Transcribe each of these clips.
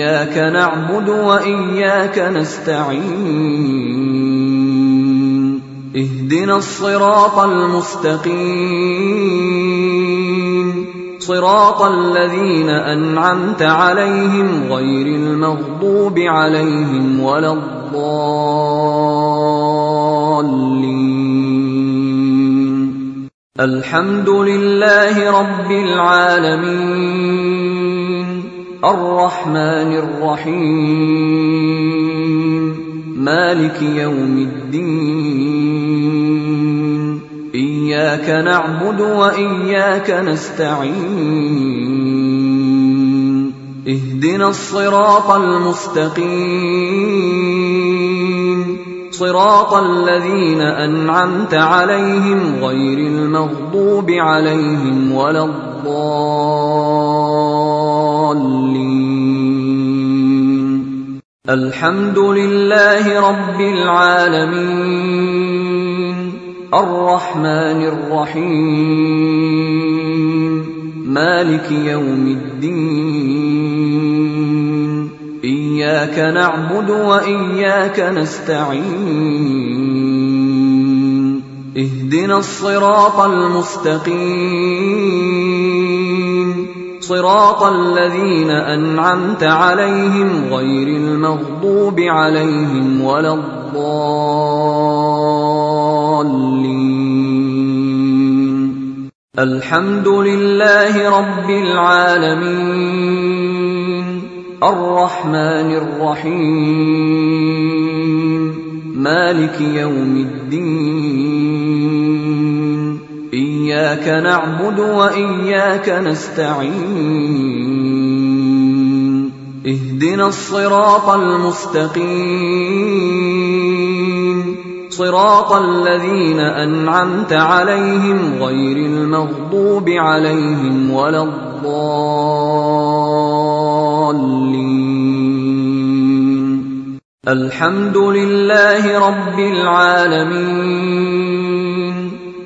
إياك نعبد وإياك نستعين اهدنا الصراط المستقيم صراط الذين أنعمت عليهم غير المغضوب عليهم ولا الضالين الحمد لله رب العالمين الرحمن الرحيم مالك يوم الدين اياك نعبد واياك نستعين اهدنا الصراط المستقيم صراط الذين انعمت عليهم غير المغضوب عليهم ولا الضالين الضالين الحمد لله رب العالمين الرحمن الرحيم مالك يوم الدين اياك نعبد واياك نستعين اهدنا الصراط المستقيم صراط الذين انعمت عليهم غير المغضوب عليهم ولا الضالين الحمد لله رب العالمين الرحمن الرحيم مالك يوم الدين إياك نعبد وإياك نستعين اهدنا الصراط المستقيم صراط الذين أنعمت عليهم غير المغضوب عليهم ولا الضالين الحمد لله رب العالمين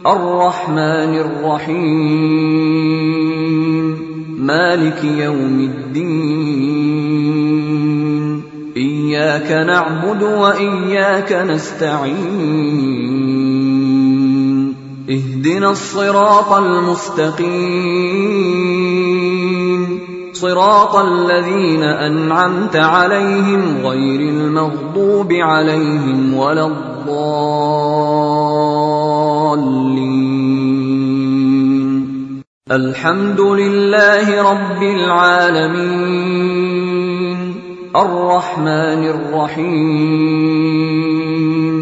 الرحمن الرحيم مالك يوم الدين اياك نعبد واياك نستعين اهدنا الصراط المستقيم صراط الذين انعمت عليهم غير المغضوب عليهم ولا الضالين الضالين الحمد لله رب العالمين الرحمن الرحيم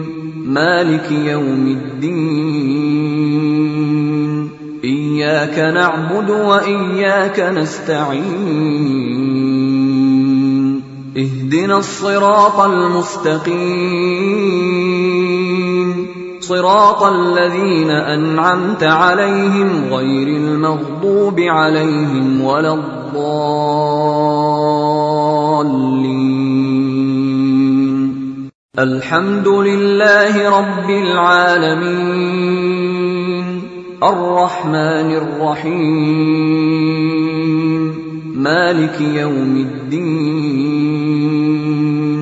مالك يوم الدين اياك نعبد واياك نستعين اهدنا الصراط المستقيم صراط الذين انعمت عليهم غير المغضوب عليهم ولا الضالين الحمد لله رب العالمين الرحمن الرحيم مالك يوم الدين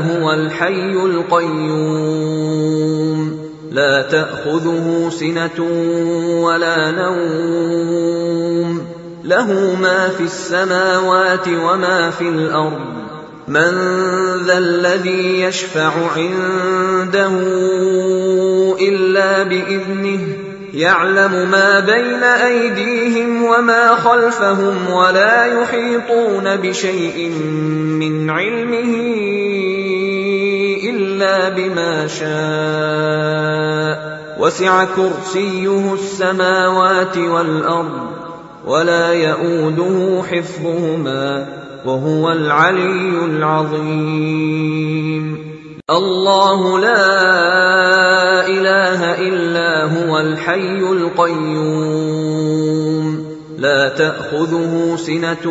هو الحي القيوم لا تاخذه سنه ولا نوم له ما في السماوات وما في الارض من ذا الذي يشفع عنده الا باذنه يعلم ما بين ايديهم وما خلفهم ولا يحيطون بشيء من علمه الا بما شاء وسع كرسيه السماوات والارض ولا يئوده حفظهما وهو العلي العظيم الله لا اله الا هو الحي القيوم لا تاخذه سنه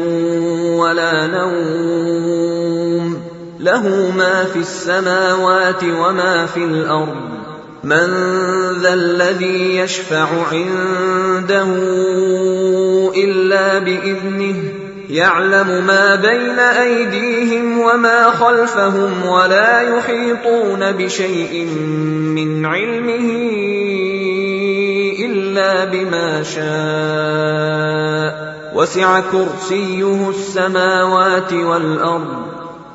ولا نوم له ما في السماوات وما في الارض من ذا الذي يشفع عنده الا باذنه يعلم ما بين ايديهم وما خلفهم ولا يحيطون بشيء من علمه الا بما شاء وسع كرسيه السماوات والارض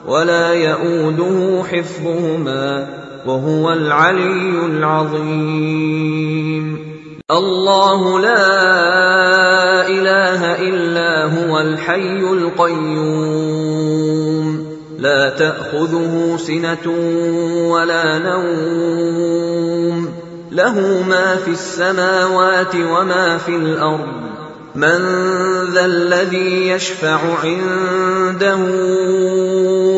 ولا يئوده حفظهما وهو العلي العظيم الله لا اله الا هو الحي القيوم لا تاخذه سنه ولا نوم له ما في السماوات وما في الارض من ذا الذي يشفع عنده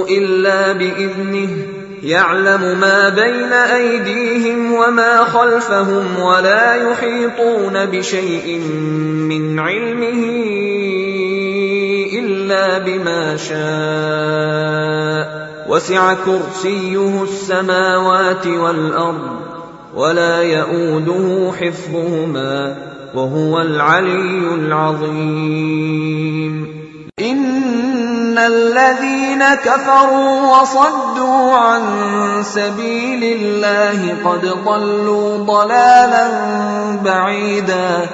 الا باذنه يعلم ما بين ايديهم وما خلفهم ولا يحيطون بشيء من علمه الا بما شاء وسع كرسيه السماوات والارض ولا يئوده حفظهما وهو العلي العظيم إِنَّ الَّذِينَ كَفَرُوا وَصَدُّوا عَن سَبِيلِ اللَّهِ قَدْ ضَلُّوا ضَلَالًا بَعِيدًا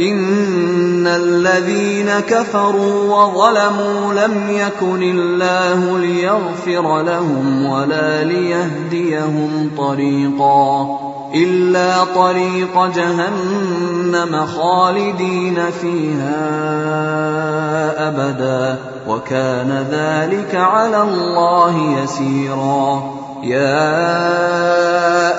إِنَّ الَّذِينَ كَفَرُوا وَظَلَمُوا لَمْ يَكُنِ اللَّهُ لِيَغْفِرَ لَهُمْ وَلَا لِيَهْدِيَهُمْ طَرِيقًا إلا طريق جهنم خالدين فيها أبدا وكان ذلك على الله يسيرا يا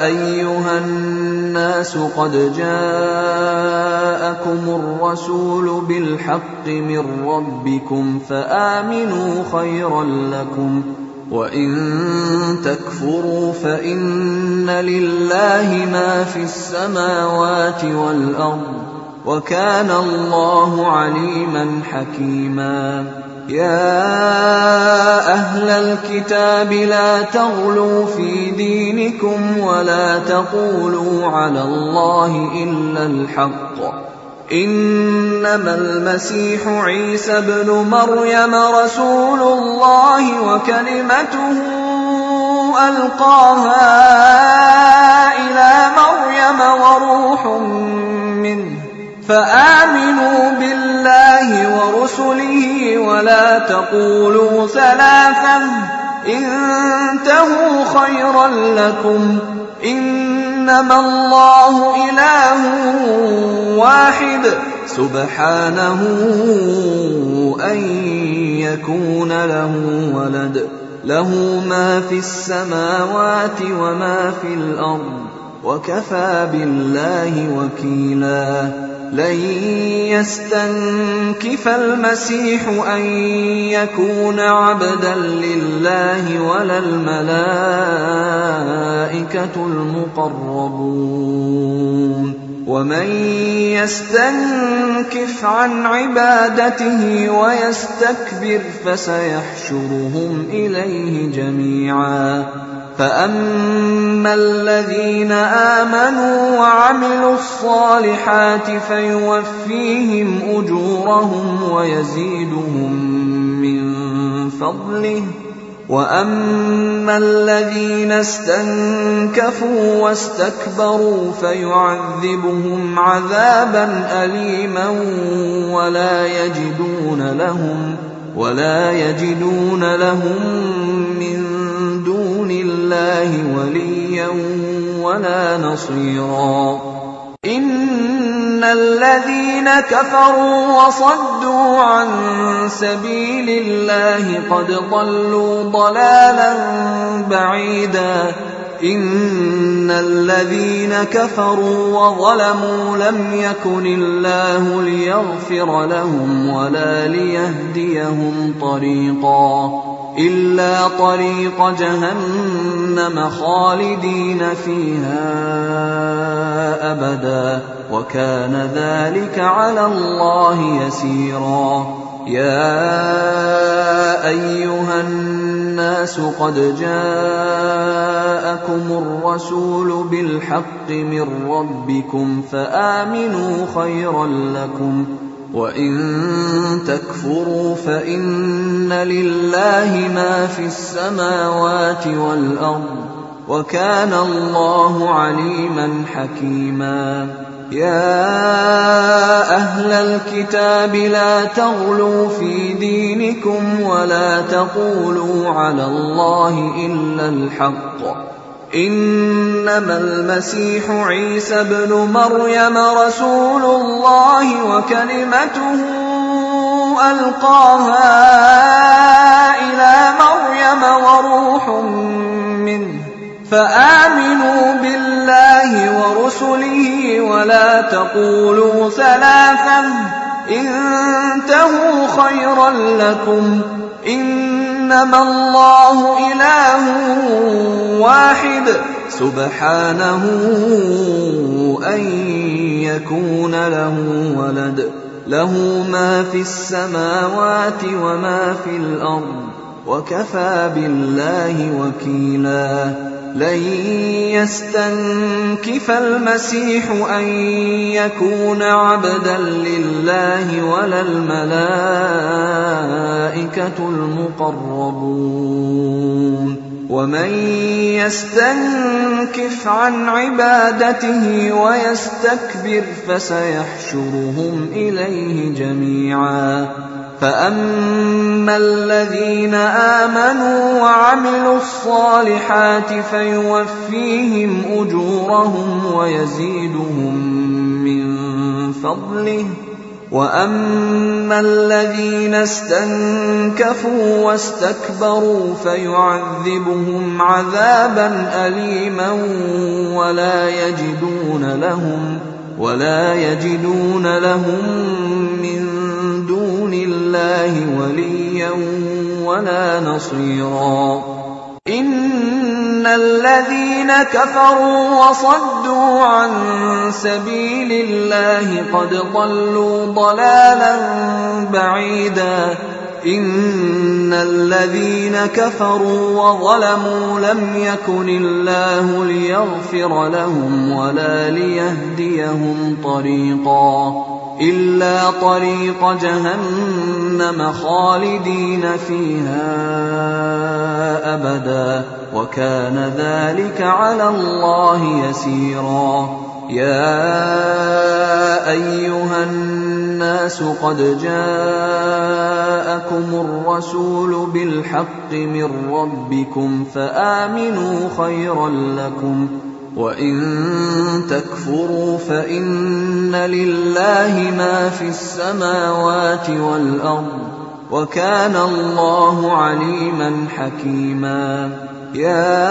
أيها الناس قد جاءكم الرسول بالحق من ربكم فآمنوا خيرا لكم ۖ وان تكفروا فان لله ما في السماوات والارض وكان الله عليما حكيما يا اهل الكتاب لا تغلوا في دينكم ولا تقولوا على الله الا الحق انما المسيح عيسى ابن مريم رسول الله وكلمته القاها الى مريم وروح منه فامنوا بالله ورسله ولا تقولوا ثلاثا انتهوا خيرا لكم إنما الله إله واحد سبحانه أن يكون له ولد له ما في السماوات وما في الأرض وكفى بالله وكيلا لن يستنكف المسيح ان يكون عبدا لله ولا الملائكه المقربون ومن يستنكف عن عبادته ويستكبر فسيحشرهم اليه جميعا فاما الذين امنوا وعملوا الصالحات فيوفيهم اجورهم ويزيدهم من فضله واما الذين استنكفوا واستكبروا فيعذبهم عذابا اليما ولا يجدون لهم ولا يجدون لهم من لله وليا ولا نصيرا ان الذين كفروا وصدوا عن سبيل الله قد ضلوا ضلالا بعيدا ان الذين كفروا وظلموا لم يكن الله ليغفر لهم ولا ليهديهم طريقا إلا طريق جهنم خالدين فيها أبدا وكان ذلك على الله يسيرا يا أيها الناس قد جاءكم الرسول بالحق من ربكم فآمنوا خيرا لكم ۖ وان تكفروا فان لله ما في السماوات والارض وكان الله عليما حكيما يا اهل الكتاب لا تغلوا في دينكم ولا تقولوا على الله الا الحق انما المسيح عيسى ابن مريم رسول الله وكلمته القاها الى مريم وروح منه فامنوا بالله ورسله ولا تقولوا ثلاثا انتهوا خيرا لكم إنما الله إله واحد سبحانه أن يكون له ولد له ما في السماوات وما في الأرض وكفى بالله وكيلاً لن يستنكف المسيح ان يكون عبدا لله ولا الملائكه المقربون ومن يستنكف عن عبادته ويستكبر فسيحشرهم اليه جميعا فاما الذين امنوا وعملوا الصالحات فيوفيهم اجورهم ويزيدهم من فضله واما الذين استنكفوا واستكبروا فيعذبهم عذابا اليما ولا يجدون لهم ولا يجدون لهم من دون الله وليا ولا نصيرا ان الذين كفروا وصدوا عن سبيل الله قد ضلوا ضلالا بعيدا ان الذين كفروا وظلموا لم يكن الله ليغفر لهم ولا ليهديهم طريقا إلا طريق جهنم خالدين فيها أبدا وكان ذلك على الله يسيرا يا أيها الناس قد جاءكم الرسول بالحق من ربكم فآمنوا خيرا لكم ۖ وان تكفروا فان لله ما في السماوات والارض وكان الله عليما حكيما يا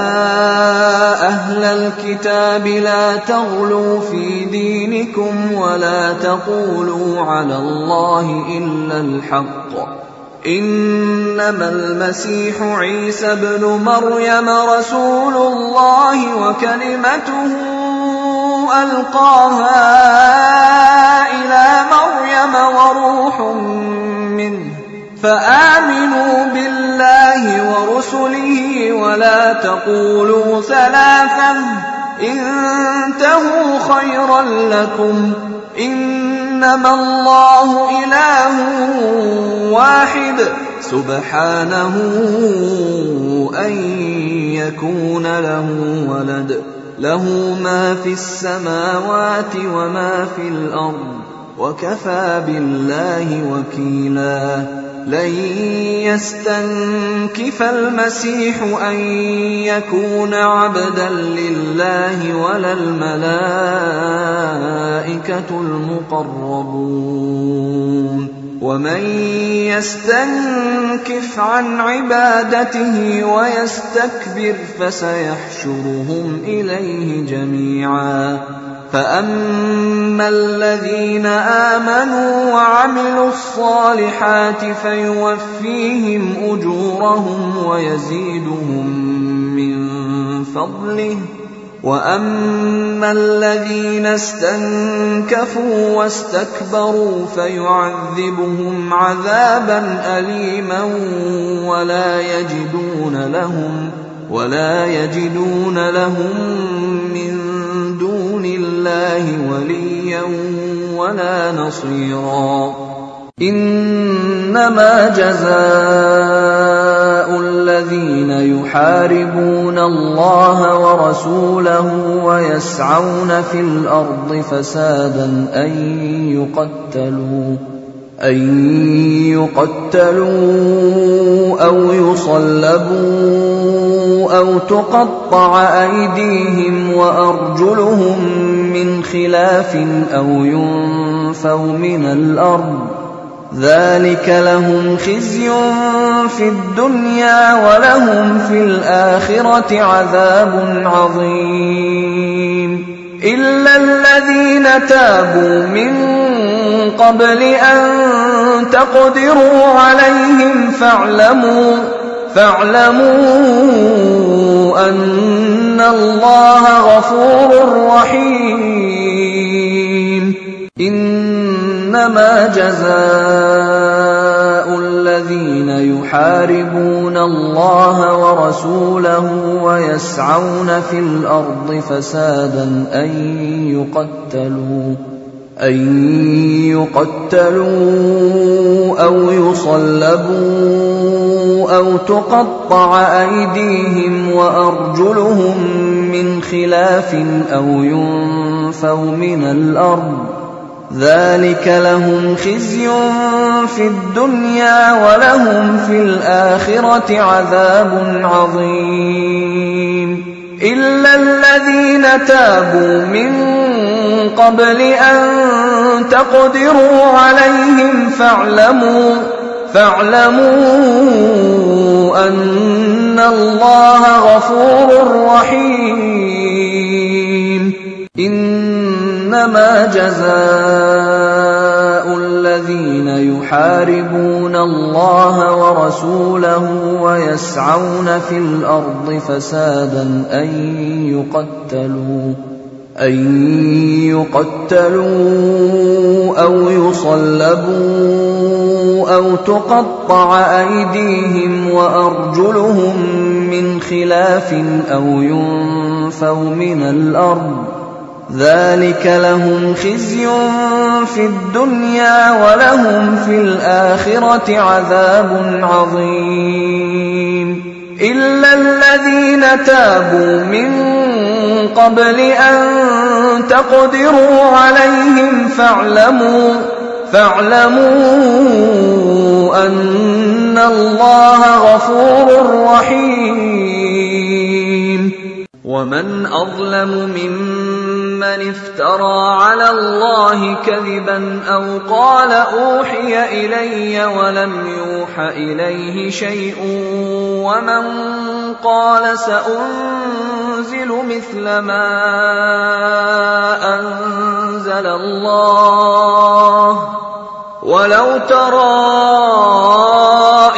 اهل الكتاب لا تغلوا في دينكم ولا تقولوا على الله الا الحق انما المسيح عيسى ابن مريم رسول الله وكلمته القاها الى مريم وروح منه فامنوا بالله ورسله ولا تقولوا ثلاثا انتهوا خيرا لكم إنما الله إله واحد سبحانه أن يكون له ولد له ما في السماوات وما في الأرض وكفى بالله وكيلاً لن يستنكف المسيح ان يكون عبدا لله ولا الملائكه المقربون ومن يستنكف عن عبادته ويستكبر فسيحشرهم اليه جميعا فاما الذين امنوا وعملوا الصالحات فيوفيهم اجورهم ويزيدهم من فضله واما الذين استنكفوا واستكبروا فيعذبهم عذابا اليما ولا يجدون لهم ولا يجدون لهم من دون الله وليا ولا نصيرا انما جزاء الذين يحاربون الله ورسوله ويسعون في الارض فسادا ان يقتلوا أن يقتلوا أو يصلبوا أو تقطع أيديهم وأرجلهم من خلاف أو ينفوا من الأرض ذلك لهم خزي في الدنيا ولهم في الآخرة عذاب عظيم إلا الذين تابوا من قبل أن تقدروا عليهم فاعلموا فاعلموا أن الله غفور رحيم انما جزاء الذين يحاربون الله ورسوله ويسعون في الارض فسادا ان يقتلوا ان يقتلوا او يصلبوا او تقطع ايديهم وارجلهم من خلاف او ينفوا من الارض ذلك لهم خزي في الدنيا ولهم في الآخرة عذاب عظيم إلا الذين تابوا من قبل أن تقدروا عليهم فاعلموا فاعلموا أن الله غفور رحيم انما جزاء الذين يحاربون الله ورسوله ويسعون في الارض فسادا ان يقتلوا ان يقتلوا او يصلبوا او تقطع ايديهم وارجلهم من خلاف او ينفوا من الارض ذلك لهم خزي في الدنيا ولهم في الآخرة عذاب عظيم إلا الذين تابوا من قبل أن تقدروا عليهم فاعلموا فاعلموا أن الله غفور رحيم ومن اظلم ممن افترى على الله كذبا او قال اوحي الي ولم يوح اليه شيء ومن قال سانزل مثل ما انزل الله ولو ترى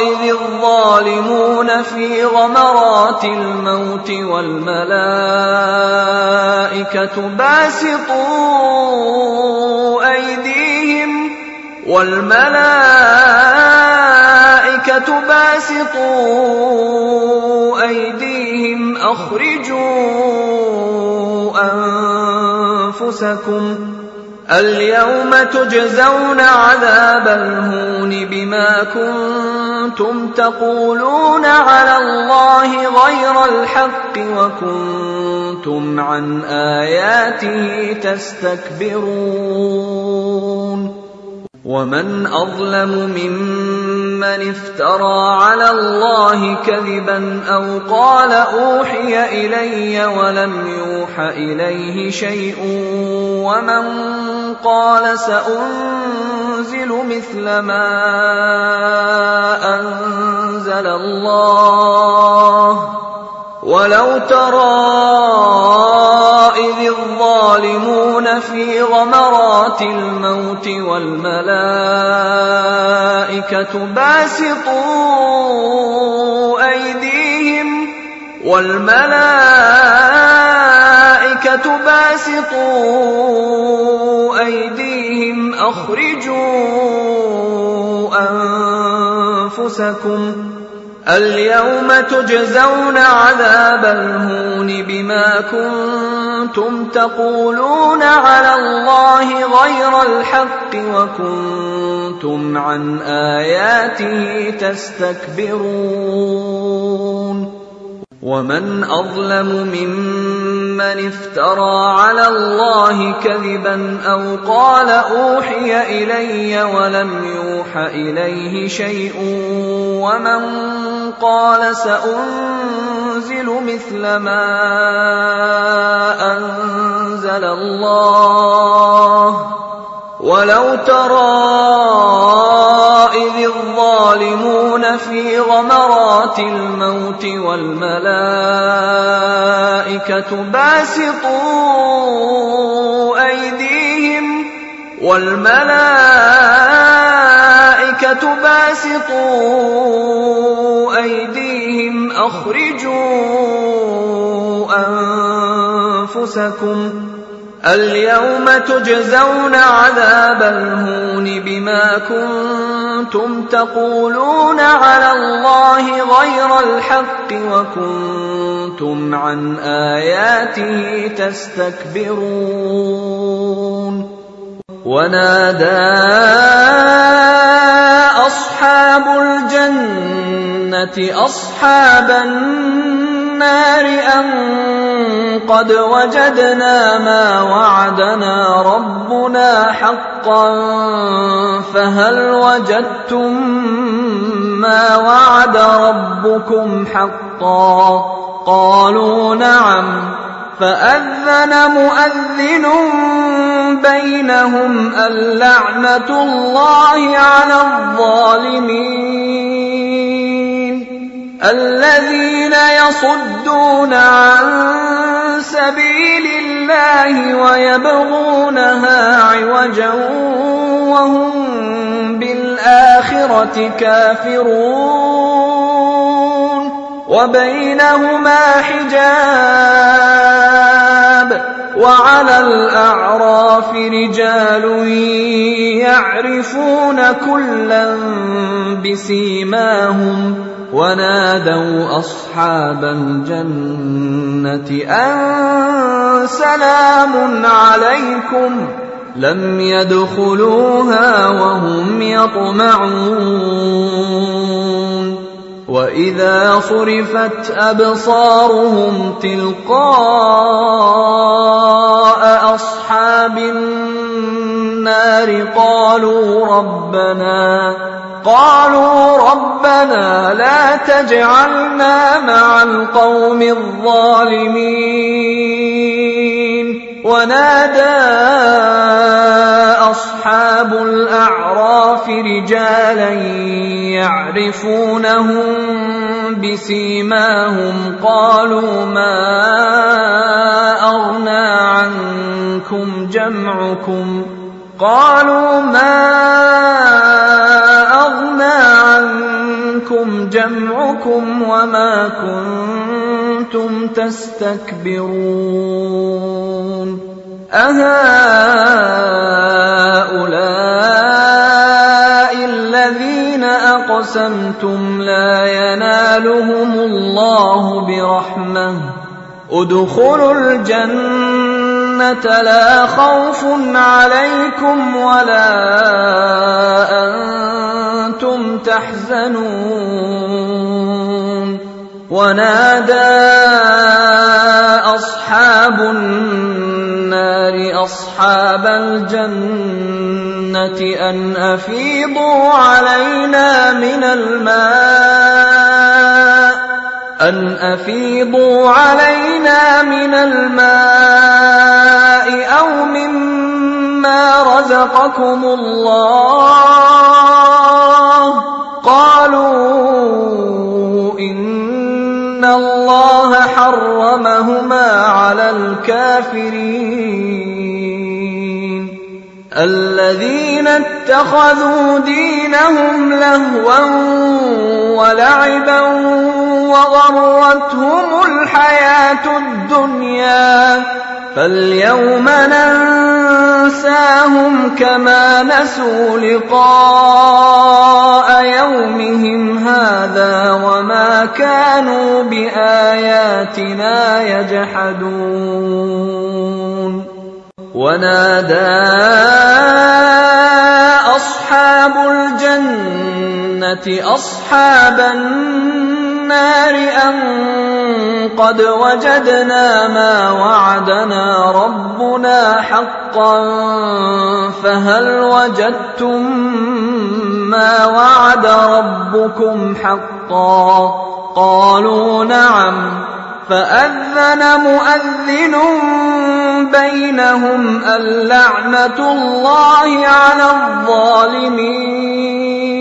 إذ الظالمون في غمرات الموت والملائكة باسطوا أيديهم والملائكة باسطوا أيديهم أخرجوا أنفسكم اليوم تجزون عذاب الهون بما كنتم تقولون على الله غير الحق وكنتم عن اياته تستكبرون ومن اظلم ممن مَّنِ افْتَرَىٰ عَلَى اللَّهِ كَذِبًا أَوْ قَالَ أُوحِيَ إِلَيَّ وَلَمْ يُوحَ إِلَيْهِ شَيْءٌ وَمَن قَالَ سَأُنزِلُ مِثْلَ مَا أَنزَلَ اللَّهُ ولو ترى إذ الظالمون في غمرات الموت والملائكة باسطوا أيديهم والملائكة باسطوا أيديهم أخرجوا أنفسكم اليوم تجزون عذاب الهون بما كنتم تقولون على الله غير الحق وكنتم عن اياته تستكبرون ومن اظلم ممن افترى على الله كذبا او قال اوحي الي ولم يوح اليه شيء ومن قال سانزل مثل ما انزل الله ولو ترى إذ الظالمون في غمرات الموت والملائكة باسطوا أيديهم والملائكة باسطوا أيديهم أخرجوا أنفسكم اليوم تجزون عذاب الهون بما كنتم تقولون على الله غير الحق وكنتم عن اياته تستكبرون ونادى اصحاب الجنه اصحاب النار النَّارِ أَن قَدْ وَجَدْنَا مَا وَعَدَنَا رَبُّنَا حَقًّا فَهَلْ وَجَدتُّم مَّا وَعَدَ رَبُّكُمْ حَقًّا قَالُوا نَعَمْ فأذن مؤذن بينهم اللعنة الله على الظالمين الذين يصدون عن سبيل الله ويبغونها عوجا وهم بالآخرة كافرون وبينهما حجاب وعلى الأعراف رجال يعرفون كلا بسيماهم ونادوا أصحاب الجنة أن سلام عليكم لم يدخلوها وهم يطمعون واذا صرفت ابصارهم تلقاء اصحاب النار قالوا ربنا قالوا ربنا لا تجعلنا مع القوم الظالمين ونادى اصحاب الاعراف رجالا يعرفونهم بسيماهم قالوا ما اغنى عنكم جمعكم قالوا ما اغنى عنكم جمعكم وما كنتم كنتم تستكبرون أهؤلاء الذين أقسمتم لا ينالهم الله برحمة ادخلوا الجنة لا خوف عليكم ولا أنتم تحزنون ونادى أصحاب الجنة أن أفيضوا علينا من الماء أن أفيضوا علينا من الماء أو مما رزقكم الله قالوا إن الله حرمهما على الكافرين الذين اتخذوا دينهم لهوا ولعبا وغرتهم الحياة الدنيا فاليوم ننساهم كما نسوا لقاء يومهم هذا وما كانوا بآياتنا يجحدون ونادى اصحاب الجنه اصحاب النار ان قد وجدنا ما وعدنا ربنا حقا فهل وجدتم ما وعد ربكم حقا قالوا نعم فأذن مؤذن بينهم اللعنة الله على الظالمين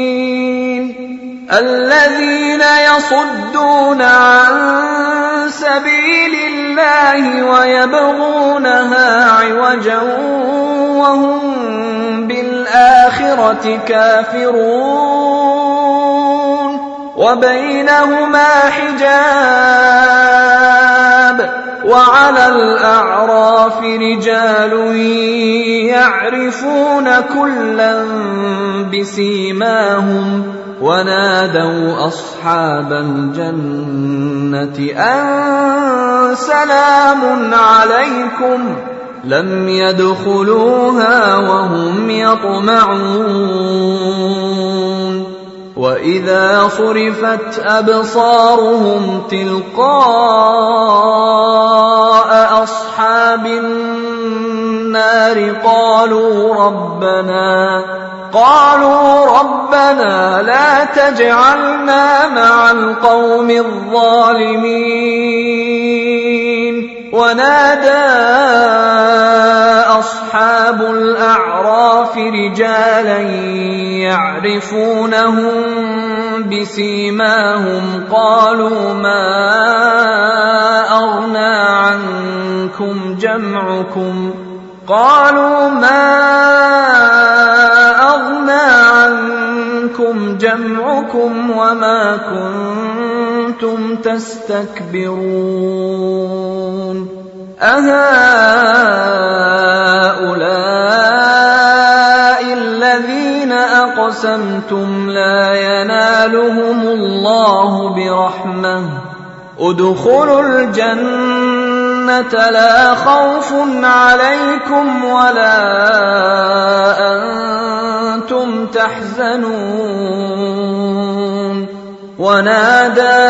الذين يصدون عن سبيل الله ويبغونها عوجا وهم بالآخرة كافرون وبينهما حجاب وعلى الأعراف رجال يعرفون كلا بسيماهم ونادوا أصحاب الجنة أن سلام عليكم لم يدخلوها وهم يطمعون واذا صرفت ابصارهم تلقاء اصحاب النار قالوا ربنا قالوا ربنا لا تجعلنا مع القوم الظالمين ونادى اصحاب الاعراف رجالا يعرفونهم بسيماهم قالوا ما اغنى عنكم جمعكم قالوا ما اغنى عنكم منكم جمعكم وما كنتم تستكبرون أهؤلاء الذين أقسمتم لا ينالهم الله برحمة ادخلوا الجنة لَا خَوْفٌ عَلَيْكُمْ وَلَا أَنتُمْ تَحْزَنُونَ وَنَادَى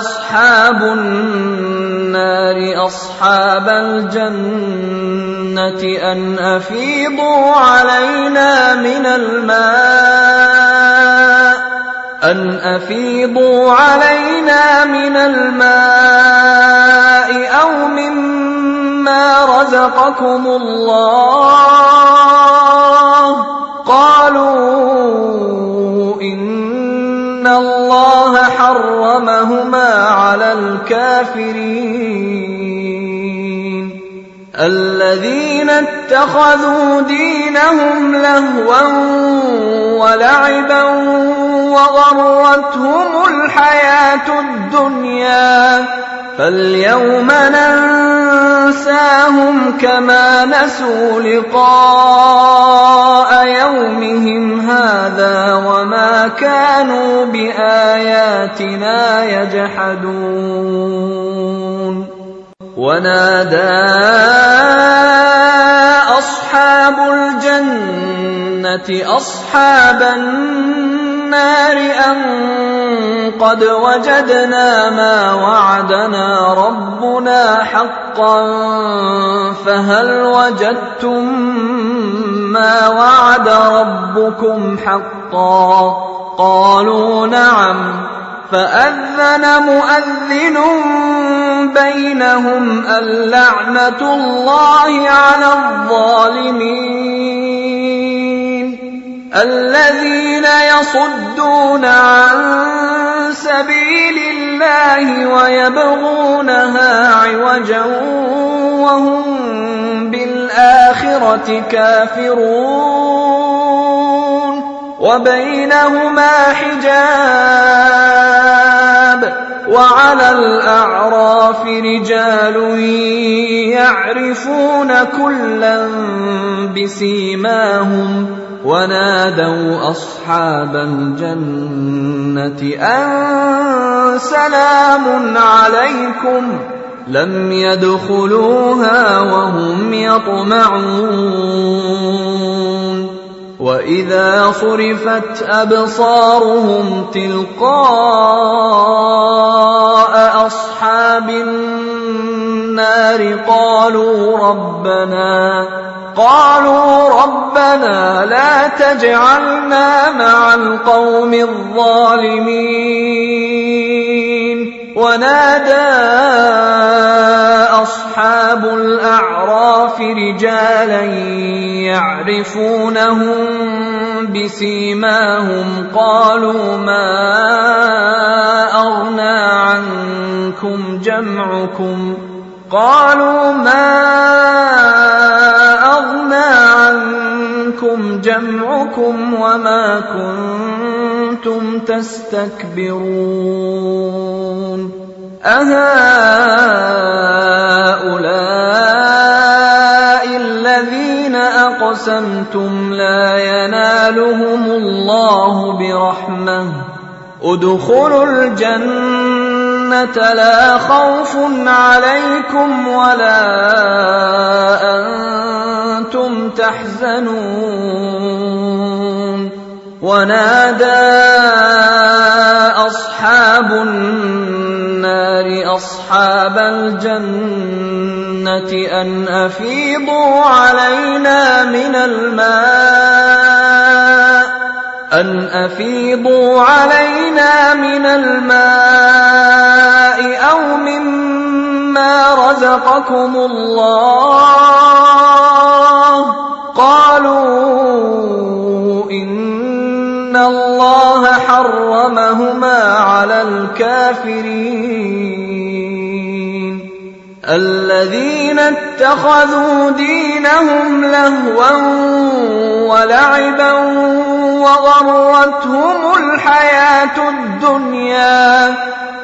أَصْحَابُ النَّارِ أَصْحَابَ الْجَنَّةِ أَنْ أَفِيضُوا عَلَيْنَا مِنَ الْمَاءِ أَنْ أَفِيضُوا عَلَيْنَا مِنَ الْمَاءِ أَوْ مِمَّا رَزَقَكُمُ اللَّهُ قَالُوا إِنَّ اللَّهَ حَرَّمَهُمَا عَلَى الْكَافِرِينَ الَّذِينَ اتَّخَذُوا دِينَهُمْ لَهْوًا وَلَعِبًا وَغَرَّتْهُمُ الْحَيَاةُ الدُّنْيَا فاليوم ننساهم كما نسوا لقاء يومهم هذا وما كانوا باياتنا يجحدون ونادى اصحاب الجنه اصحاب النار ان قد وجدنا ما وعدنا ربنا حقا فهل وجدتم ما وعد ربكم حقا قالوا نعم فاذن مؤذن بينهم اللعنه الله على الظالمين الذين يصدون عن سبيل الله ويبغونها عوجا وهم بالآخرة كافرون وبينهما حجاب وعلى الأعراف رجال يعرفون كلا بسيماهم ونادوا أصحاب الجنة أن سلام عليكم لم يدخلوها وهم يطمعون وإذا صرفت أبصارهم تلقاء أصحاب النار قالوا ربنا قالوا ربنا لا تجعلنا مع القوم الظالمين ونادى اصحاب الاعراف رجالا يعرفونهم بسيماهم قالوا ما اغنى عنكم جمعكم قالوا ما أغنى عنكم جمعكم وما كنتم تستكبرون أهؤلاء الذين أقسمتم لا ينالهم الله برحمة ادخلوا الجنة الجنه لا خوف عليكم ولا انتم تحزنون ونادى اصحاب النار اصحاب الجنه ان افيضوا علينا من الماء أن أفيضوا علينا من الماء أو مما رزقكم الله قالوا إن الله حرمهما على الكافرين الذين اتخذوا دينهم لهوا ولعبا وغرتهم الحياة الدنيا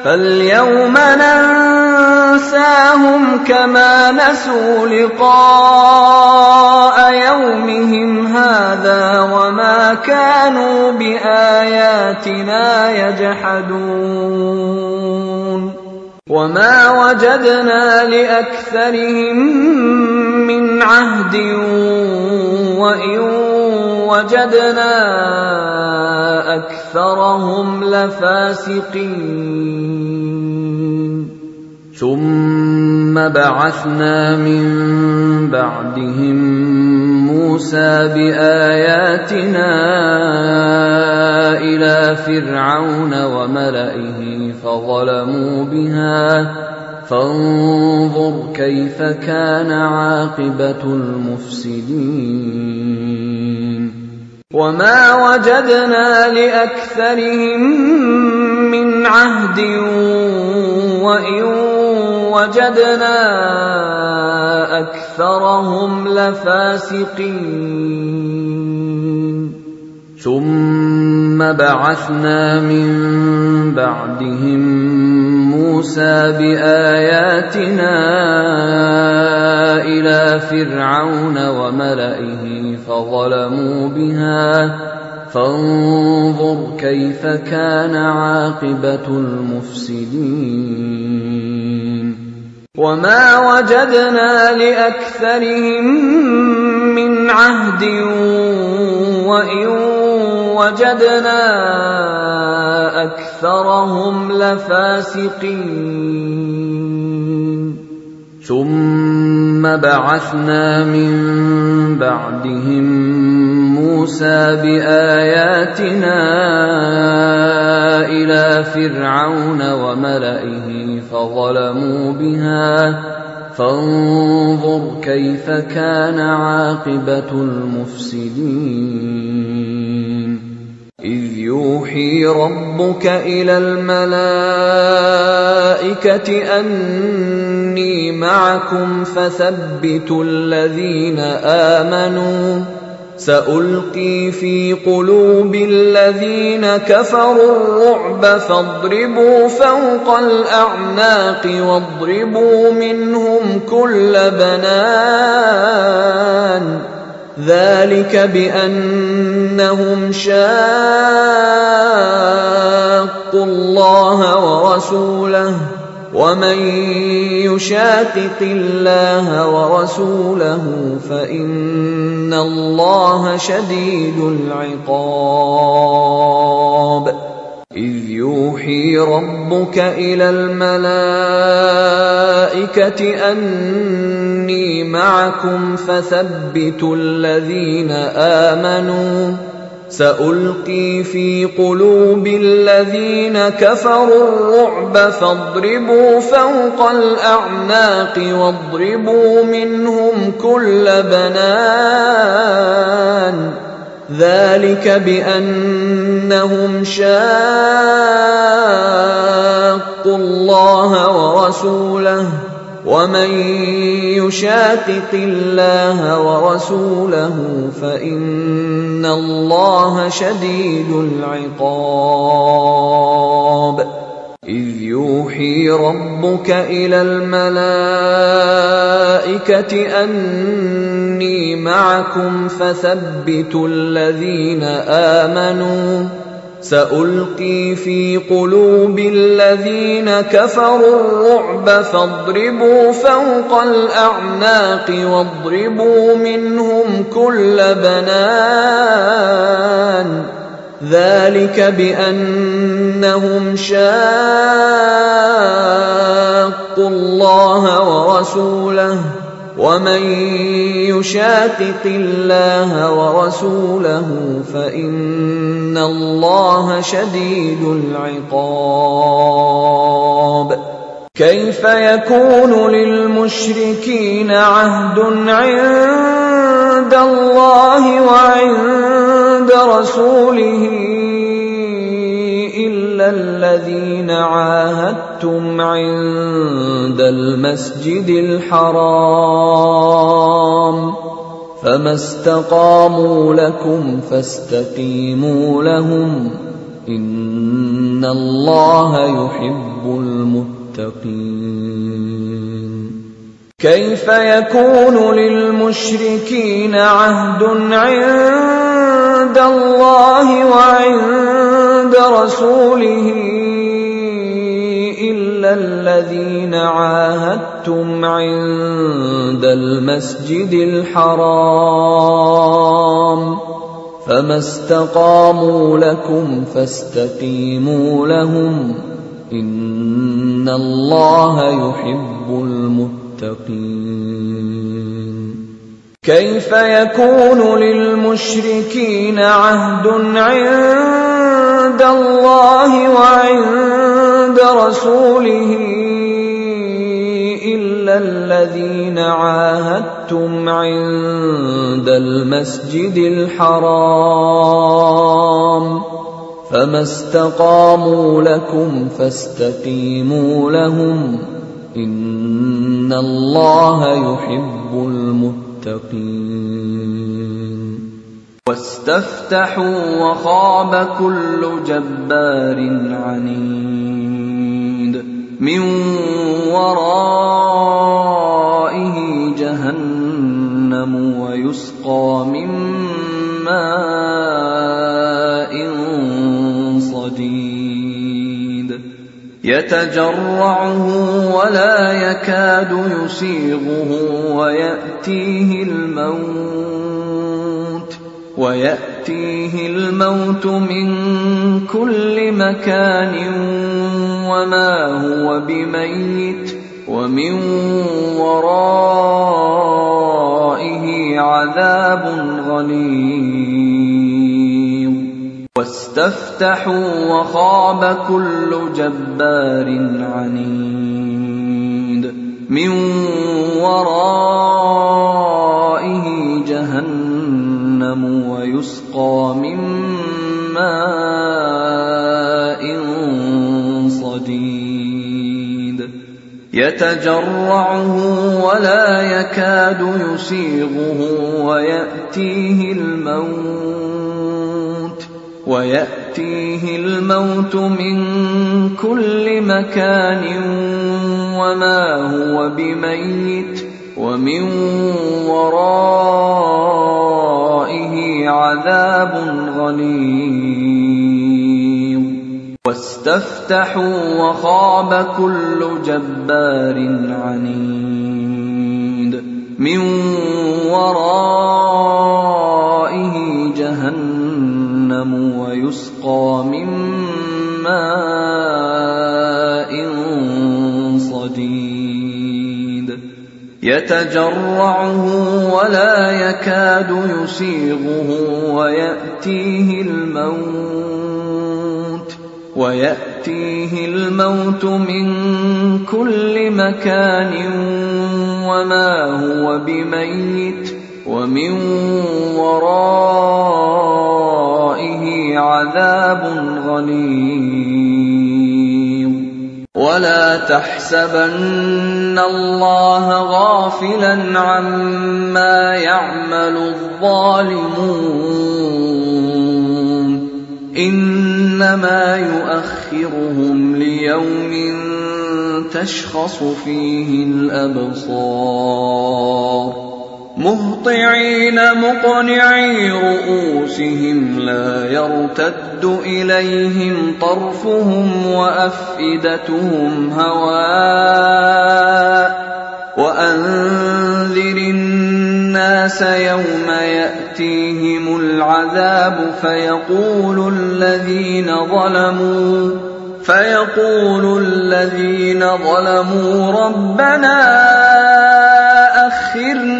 فاليوم ننساهم كما نسوا لقاء يومهم هذا وما كانوا باياتنا يجحدون وما وجدنا لاكثرهم من عهد وان وجدنا اكثرهم لفاسقين ثم بعثنا من بعدهم موسى باياتنا الى فرعون وملئه فظلموا بها فانظر كيف كان عاقبه المفسدين وما وجدنا لاكثرهم من عهد وان وجدنا اكثرهم لفاسقين ثم بعثنا من بعدهم موسى باياتنا الى فرعون وملئه فظلموا بها فانظر كيف كان عاقبه المفسدين وما وجدنا لاكثرهم من عهد وان وجدنا اكثرهم لفاسقين ثم بعثنا من بعدهم موسى باياتنا الى فرعون وملئه فظلموا بها فانظر كيف كان عاقبه المفسدين إذ يوحي ربك إلى الملائكة أني معكم فثبتوا الذين آمنوا سألقي في قلوب الذين كفروا الرعب فاضربوا فوق الأعناق واضربوا منهم كل بنان ذلك بأنهم شاقوا الله ورسوله ومن يشاقق الله ورسوله فان الله شديد العقاب اذ يوحي ربك الى الملائكه اني معكم فثبتوا الذين امنوا سألقي في قلوب الذين كفروا الرعب فاضربوا فوق الأعناق واضربوا منهم كل بنان ذلك بأنهم شاقوا الله ورسوله ومن يشاقق الله ورسوله فان الله شديد العقاب اذ يوحي ربك الى الملائكه اني معكم فثبتوا الذين امنوا سالقي في قلوب الذين كفروا الرعب فاضربوا فوق الاعناق واضربوا منهم كل بنان ذلك بانهم شاقوا الله ورسوله ومن يشاقق الله ورسوله فان الله شديد العقاب كيف يكون للمشركين عهد عند الله وعند رسوله الا الذين عاهدتم عند المسجد الحرام فما استقاموا لكم فاستقيموا لهم ان الله يحب المتقين كيف يكون للمشركين عهد عند الله وعند رسوله إلا الذين عاهدتم عند المسجد الحرام فما استقاموا لكم فاستقيموا لهم إن الله يحب المتقين كيف يكون للمشركين عهد عند الله وعند رسوله الا الذين عاهدتم عند المسجد الحرام فما استقاموا لكم فاستقيموا لهم ان الله يحب المتقين المتقين واستفتحوا وخاب كل جبار عنيد من ورائه جهنم ويسقى من ماء يتجرعه ولا يكاد يسيغه ويأتيه الموت ويأتيه الموت من كل مكان وما هو بميت ومن ورائه عذاب غليظ واستفتحوا وخاب كل جبار عنيد من ورائه جهنم ويسقى من ماء صديد يتجرعه ولا يكاد يسيغه وياتيه الموت وياتيه الموت من كل مكان وما هو بميت ومن ورائه عذاب غليظ واستفتحوا وخاب كل جبار عنيد من ورائه جهنم جهنم ويسقى من ماء صديد يتجرعه ولا يكاد يسيغه وياتيه الموت وياتيه الموت من كل مكان وما هو بميت ومن ورائه عذاب غليظ ولا تحسبن الله غافلا عما يعمل الظالمون انما يؤخرهم ليوم تشخص فيه الابصار مهطعين مقنعي رؤوسهم لا يرتد اليهم طرفهم وافئدتهم هواء وانذر الناس يوم ياتيهم العذاب فيقول الذين ظلموا فيقول الذين ظلموا ربنا اخرنا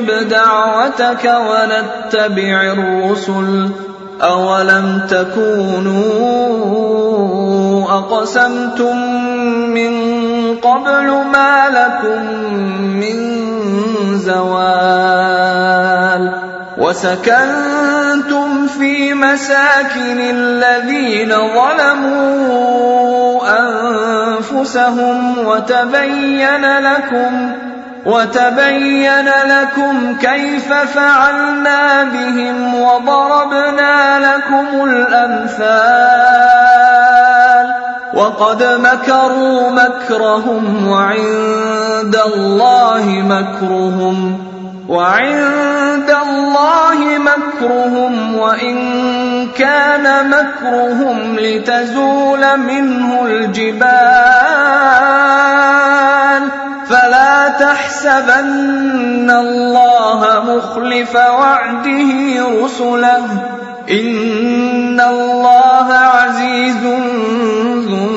نجب دعوتك ونتبع الرسل أولم تكونوا أقسمتم من قبل ما لكم من زوال وسكنتم في مساكن الذين ظلموا أنفسهم وتبين لكم ۖ وتبين لكم كيف فعلنا بهم وضربنا لكم الامثال وقد مكروا مكرهم وعند الله مكرهم وعند الله مكرهم وان كان مكرهم لتزول منه الجبال فلا تحسبن الله مخلف وعده رسله إن الله عزيز ذو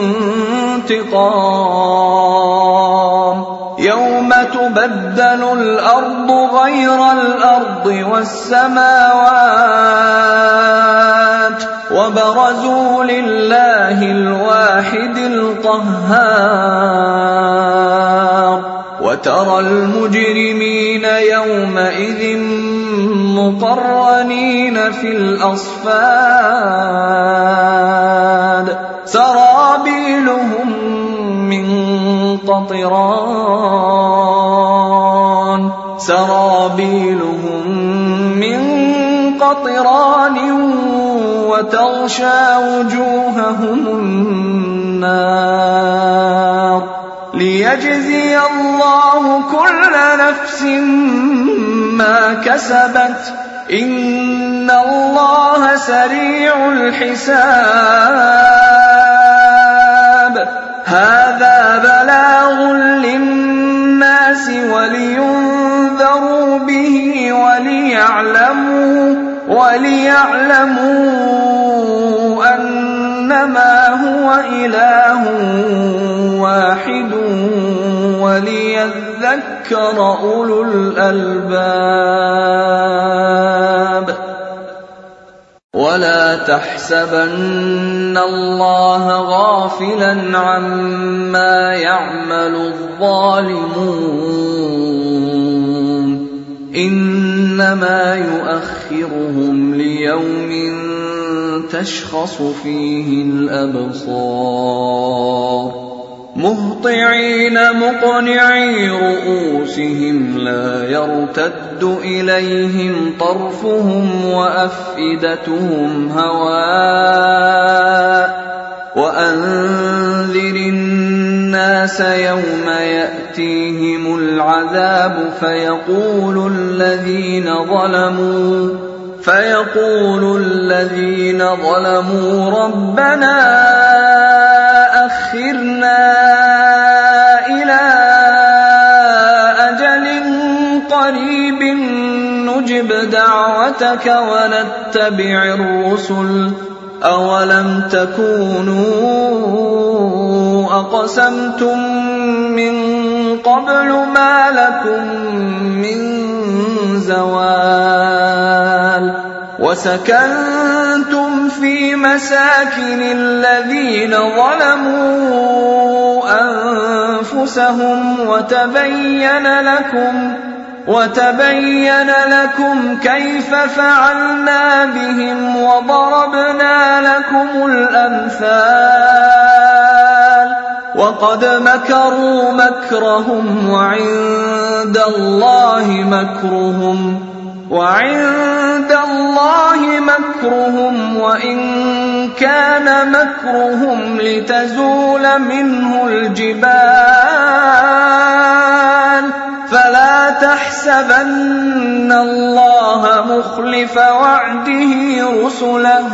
انتقام يوم تبدل الأرض غير الأرض والسماوات وبرزوا لله الواحد القهار وترى المجرمين يومئذ مقرنين في الاصفاد سرابيلهم من قطران سرابيلهم من قطران وتغشى وجوههم النار ليجزي الله كل نفس ما كسبت ان الله سريع الحساب هذا بلاغ للناس ولينذروا به وليعلموا وليعلموا إنما هو إله واحد وليذكر أولو الألباب ولا تحسبن الله غافلا عما يعمل الظالمون انما يؤخرهم ليوم تشخص فيه الابصار مهطعين مقنعي رؤوسهم لا يرتد اليهم طرفهم وافئدتهم هواء وانذر الناس الناس يوم ياتيهم العذاب فيقول الذين ظلموا فيقول الذين ظلموا ربنا اخرنا الى اجل قريب نجب دعوتك ونتبع الرسل أولم تكونوا أقسمتم من قبل ما لكم من زوال وسكنتم في مساكن الذين ظلموا أنفسهم وتبين لكم ۖ وتبين لكم كيف فعلنا بهم وضربنا لكم الامثال وقد مكروا مكرهم وعند الله مكرهم وعند الله مكرهم وان كان مكرهم لتزول منه الجبال فلا تحسبن الله مخلف وعده رسله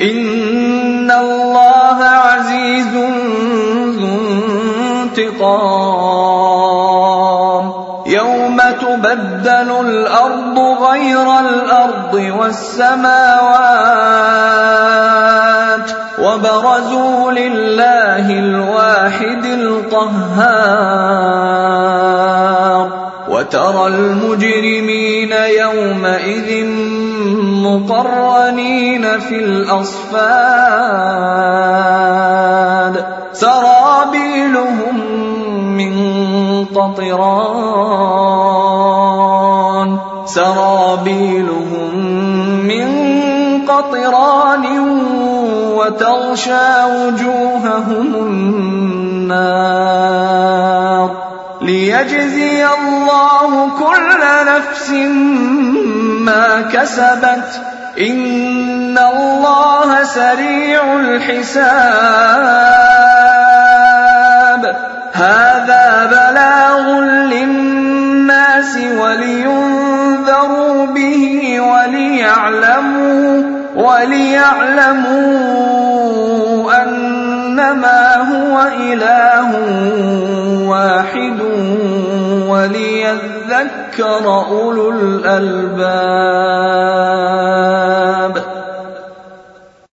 إن الله عزيز ذو انتقام يوم تبدل الأرض غير الأرض والسماوات وبرزوا لله الواحد القهار وترى المجرمين يومئذ مقرنين في الاصفاد سرابيلهم من قطران سرابيلهم من قطران وتغشى وجوههم النار ليجزي الله كل نفس ما كسبت ان الله سريع الحساب هذا بلاغ للناس ولينذروا به وليعلموا وليعلموا انما هو اله ذكر أولو الألباب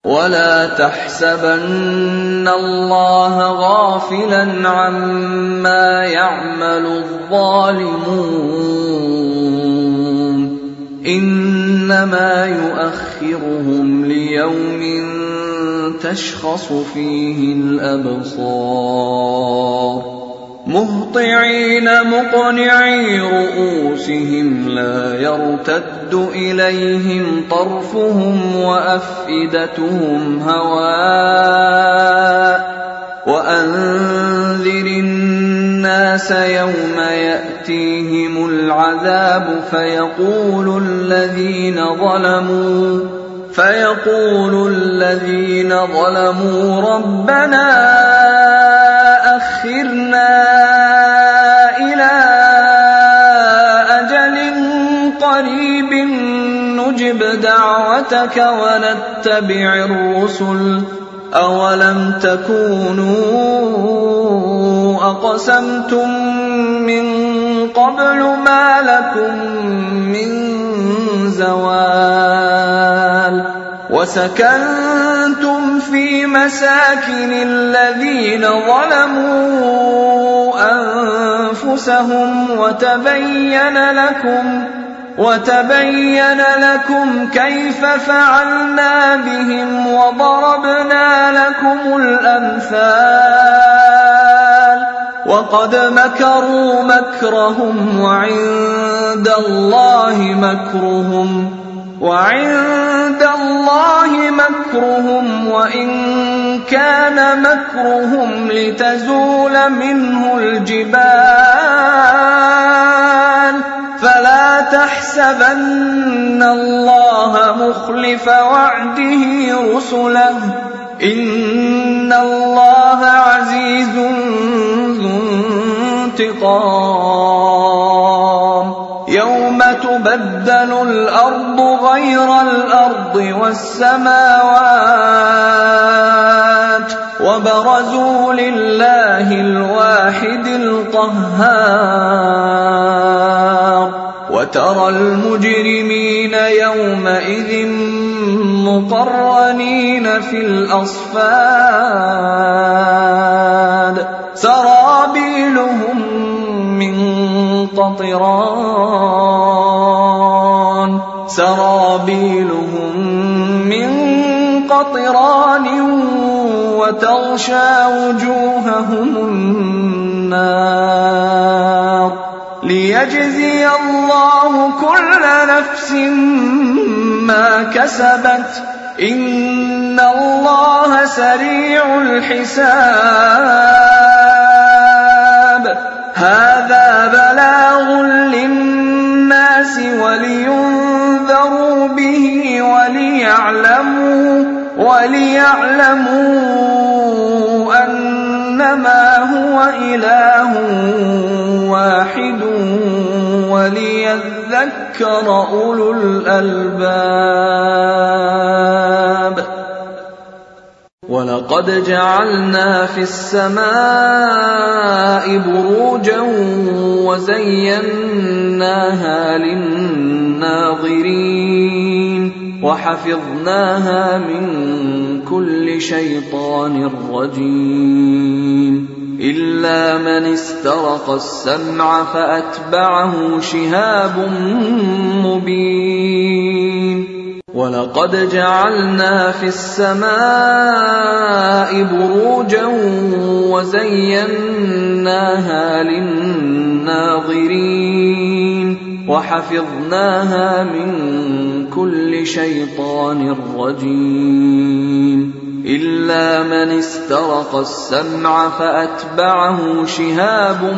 ولا تحسبن الله غافلا عما يعمل الظالمون إنما يؤخرهم ليوم تشخص فيه الأبصار مهطعين مقنعي رؤوسهم لا يرتد اليهم طرفهم وافئدتهم هواء وانذر الناس يوم ياتيهم العذاب فيقول الذين ظلموا فيقول الذين ظلموا ربنا أخرنا إلى أجل قريب نجب دعوتك ونتبع الرسل أولم تكونوا أقسمتم من قبل ما لكم من زوال وسكنتم في مساكن الذين ظلموا انفسهم وتبين لكم وتبين لكم كيف فعلنا بهم وضربنا لكم الامثال وقد مكروا مكرهم وعند الله مكرهم وعند الله مكرهم وإن كان مكرهم لتزول منه الجبال فلا تحسبن الله مخلف وعده رسله إن الله عزيز ذو انتقام تبدل الأرض غير الأرض والسماوات وبرزوا لله الواحد القهار وترى المجرمين يومئذ مقرنين في الأصفاد سرابيلهم من قطران سرابيلهم من قطران وتغشى وجوههم النار ليجزي الله كل نفس ما كسبت ان الله سريع الحساب هَٰذَا بَلَاغٌ لِّلنَّاسِ وَلِيُنذَرُوا بِهِ وَلِيَعْلَمُوا, وليعلموا أَنَّمَا هُوَ إِلَٰهٌ وَاحِدٌ وَلِيَذَّكَّرَ أُولُو الْأَلْبَابِ ولقد جعلنا في السماء بروجا وزيناها للناظرين وحفظناها من كل شيطان رجيم الا من استرق السمع فاتبعه شهاب مبين ولقد جعلنا في السماء بروجا وزيناها للناظرين وحفظناها من كل شيطان رجيم الا من استرق السمع فاتبعه شهاب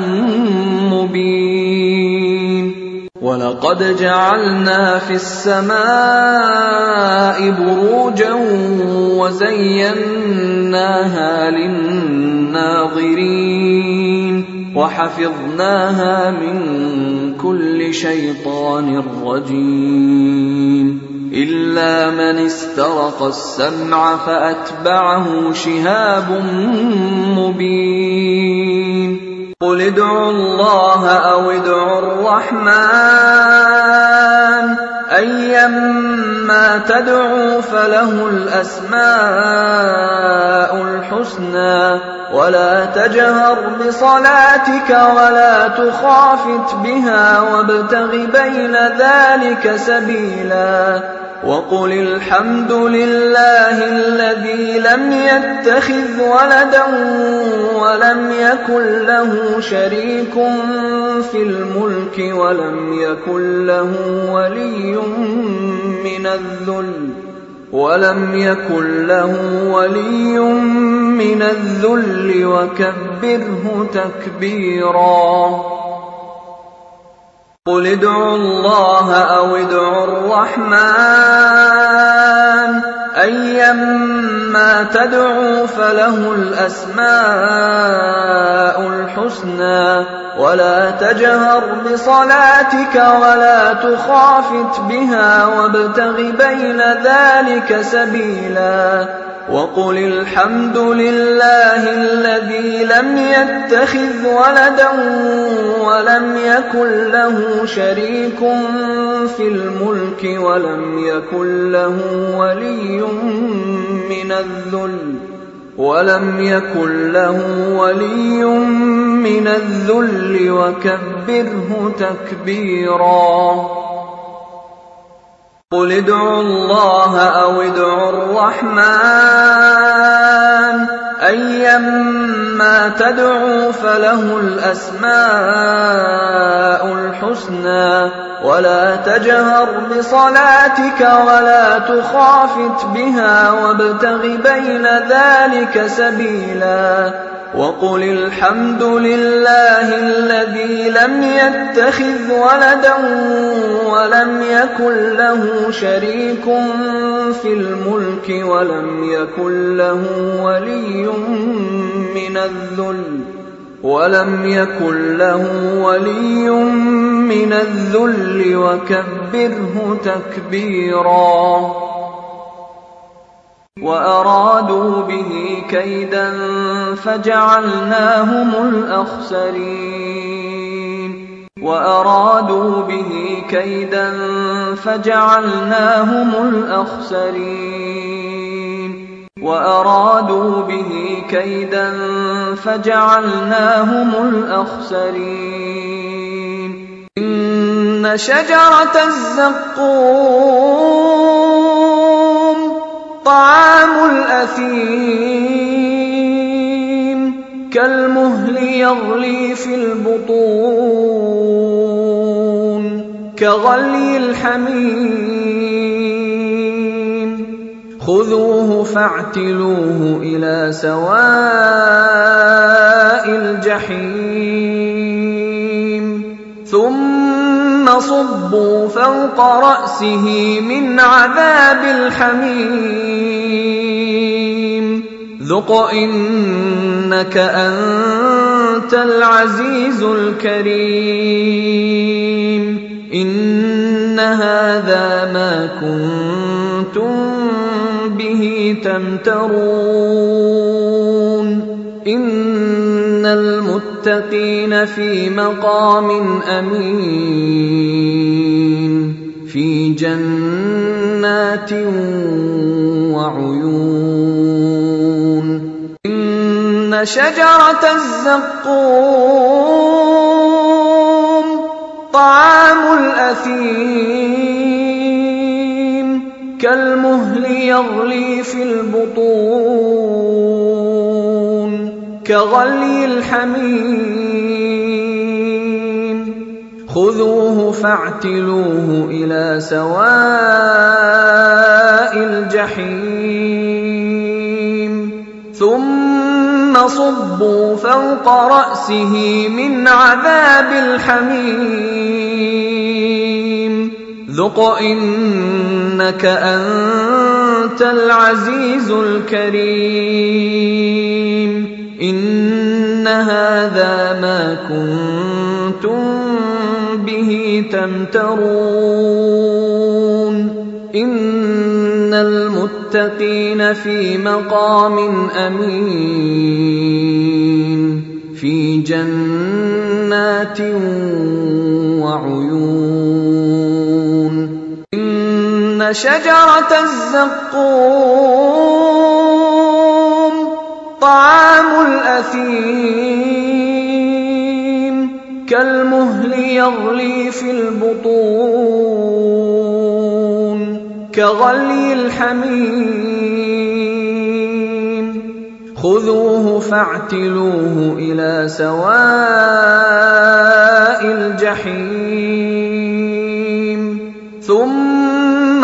مبين وَلَقَدْ جَعَلْنَا فِي السَّمَاءِ بُرُوجًا وَزَيَّنَّاهَا لِلنَّاظِرِينَ وَحَفِظْنَاهَا مِن كُلِّ شَيْطَانٍ رَّجِيمٍ إِلَّا مَنِ اسْتَرَقَ السَّمْعَ فَأَتْبَعَهُ شِهَابٌ مُّبِينٌ قل ادعوا الله أو ادعوا الرحمن أيما تدعوا فله الأسماء الحسنى ولا تجهر بصلاتك ولا تخافت بها وابتغ بين ذلك سبيلا وقل الحمد لله الذي لم يتخذ ولدا ولم يكن له شريك في الملك ولم يكن له ولي من الذل ولم يكن له ولي من الذل وكبره تكبيرا قل ادعوا الله او ادعوا الرحمن ايما تدعوا فله الاسماء الحسنى ولا تجهر بصلاتك ولا تخافت بها وابتغ بين ذلك سبيلا وقل الحمد لله الذي لم يتخذ ولدا ولم يكن له شريك في الملك ولم يكن له ولي من الذل ولم يكن له ولي من الذل وكبره تكبيرا قل ادعوا الله أو ادعوا الرحمن أيما تدعوا فله الأسماء الحسنى ولا تجهر بصلاتك ولا تخافت بها وابتغ بين ذلك سبيلا وقل الحمد لله الذي لم يتخذ ولدا ولم يكن له شريك في الملك ولم يكن له ولي من الذل ولم يكن له ولي من الذل وكبره تكبيرا وَأَرَادُوا بِهِ كَيْدًا فَجَعَلْنَاهُمُ الْأَخْسَرِينَ وَأَرَادُوا بِهِ كَيْدًا فَجَعَلْنَاهُمُ الْأَخْسَرِينَ وَأَرَادُوا بِهِ كَيْدًا فَجَعَلْنَاهُمُ الْأَخْسَرِينَ إِنَّ شجرة الزَّقُّومِ طعام الأثيم كالمهل يغلي في البطون كغلي الحميم خذوه فاعتلوه إلى سواء الجحيم ثم ثم صبوا فوق راسه من عذاب الحميم ذق انك انت العزيز الكريم ان هذا ما كنتم به تمترون ان المتقين للمتقين في مقام امين في جنات وعيون ان شجره الزقوم طعام الاثيم كالمهل يغلي في البطون كغلي الحميم خذوه فاعتلوه الى سواء الجحيم ثم صبوا فوق راسه من عذاب الحميم ذق انك انت العزيز الكريم إن هذا ما كنتم به تمترون إن المتقين في مقام أمين في جنات وعيون إن شجرة الزقون طَعَامُ الْأَثِيمِ كَالْمُهْلِ يَغْلِي فِي الْبُطُونِ كَغَلْيِ الْحَمِيمِ خُذُوهُ فَاعْتِلُوهُ إِلَى سَوَاءِ الْجَحِيمِ ثُمَّ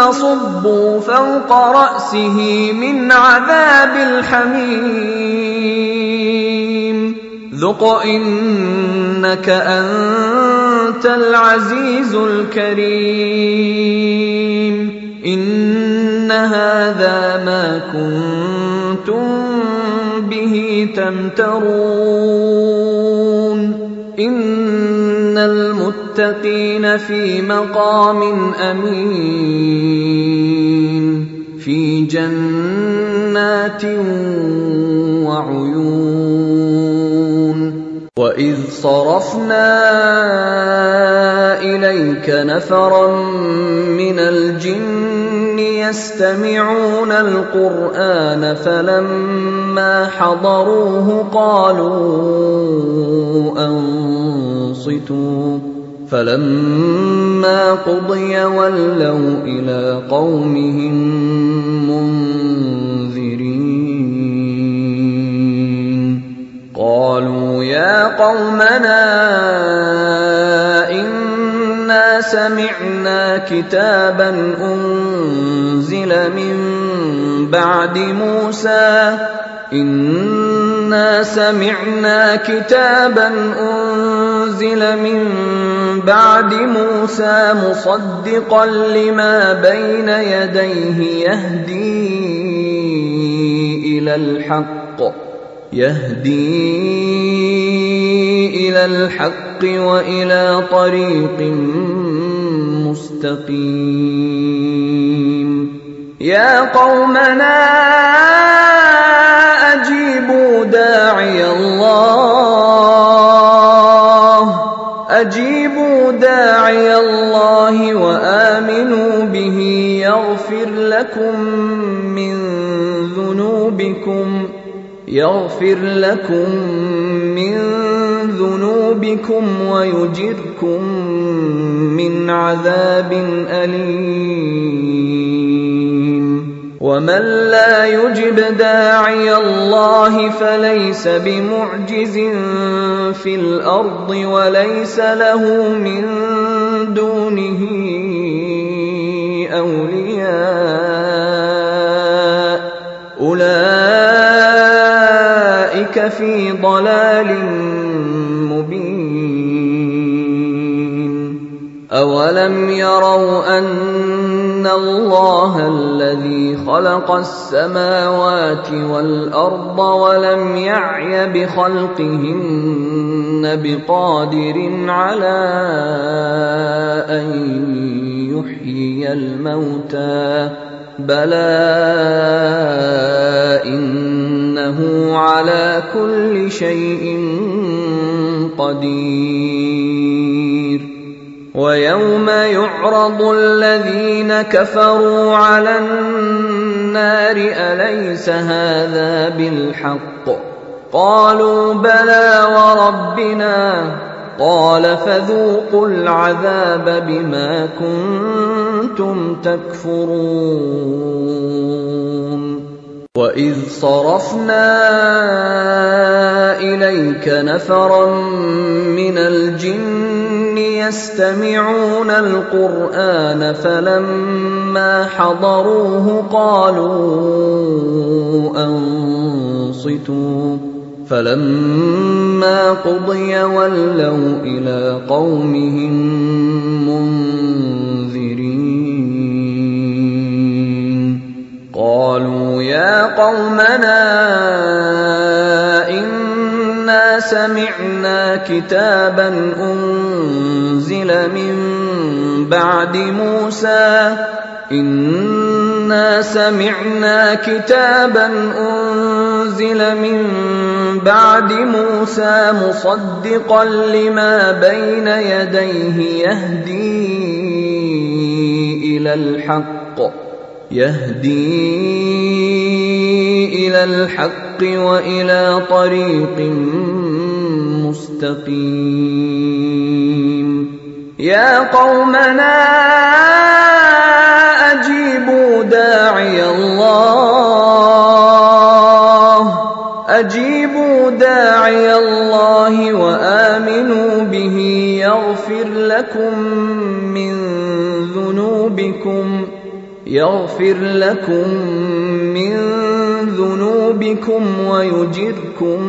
ثم صبوا فوق راسه من عذاب الحميم ذق انك انت العزيز الكريم ان هذا ما كنتم به تمترون ان المتقين في مقام امين في جنات وعيون واذ صرفنا اليك نفرا من الجن يستمعون القرآن فلما حضروه قالوا أنصتوا فلما قضي ولوا إلى قومهم منذرين قالوا يا قومنا إنا سمعنا كتابا أنزل من بعد موسى إنا سمعنا كتابا أنزل من بعد موسى مصدقا لما بين يديه يهدي إلى الحق يهدي إلى الحق الحق والى طريق مستقيم يا قومنا اجيبوا داعي الله اجيبوا داعي الله وامنوا به يغفر لكم من ذنوبكم يغفر لكم من ذُنُوبِكُمْ وَيُجِرْكُم مِّنْ عَذَابٍ أَلِيمٍ وَمَن لَّا يُجِبْ دَاعِيَ اللَّهِ فَلَيْسَ بِمُعْجِزٍ فِي الْأَرْضِ وَلَيْسَ لَهُ مِن دُونِهِ أَوْلِيَاءُ أُولَٰئِكَ فِي ضَلَالٍ أولم يروا أن الله الذي خلق السماوات والأرض ولم يعي بخلقهن بقادر على أن يحيي الموتى بلى إنه على كل شيء قدير ويوم يعرض الذين كفروا على النار اليس هذا بالحق قالوا بلى وربنا قال فذوقوا العذاب بما كنتم تكفرون واذ صرفنا اليك نفرا من الجن يستمعون القرآن فلما حضروه قالوا أنصتوا فلما قضي ولوا إلى قومهم منذرين قالوا يا قومنا إنا سمعنا كتابا أنزل من بعد موسى إنا سمعنا كتابا أنزل من بعد موسى مصدقا لما بين يديه يهدي إلى الحق يهدي الى الحق والى طريق مستقيم يا قومنا اجيبوا داعي الله اجيبوا داعي الله وامنوا به يغفر لكم من ذنوبكم يغفر لكم من ذنوبكم ويجركم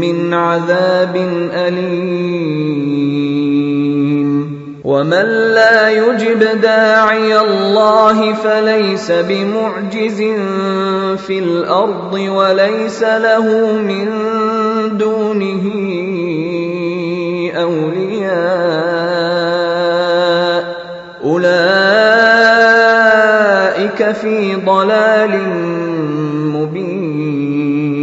من عذاب أليم ومن لا يجب داعي الله فليس بمعجز في الأرض وليس له من دونه أولياء لك في ضلال مبين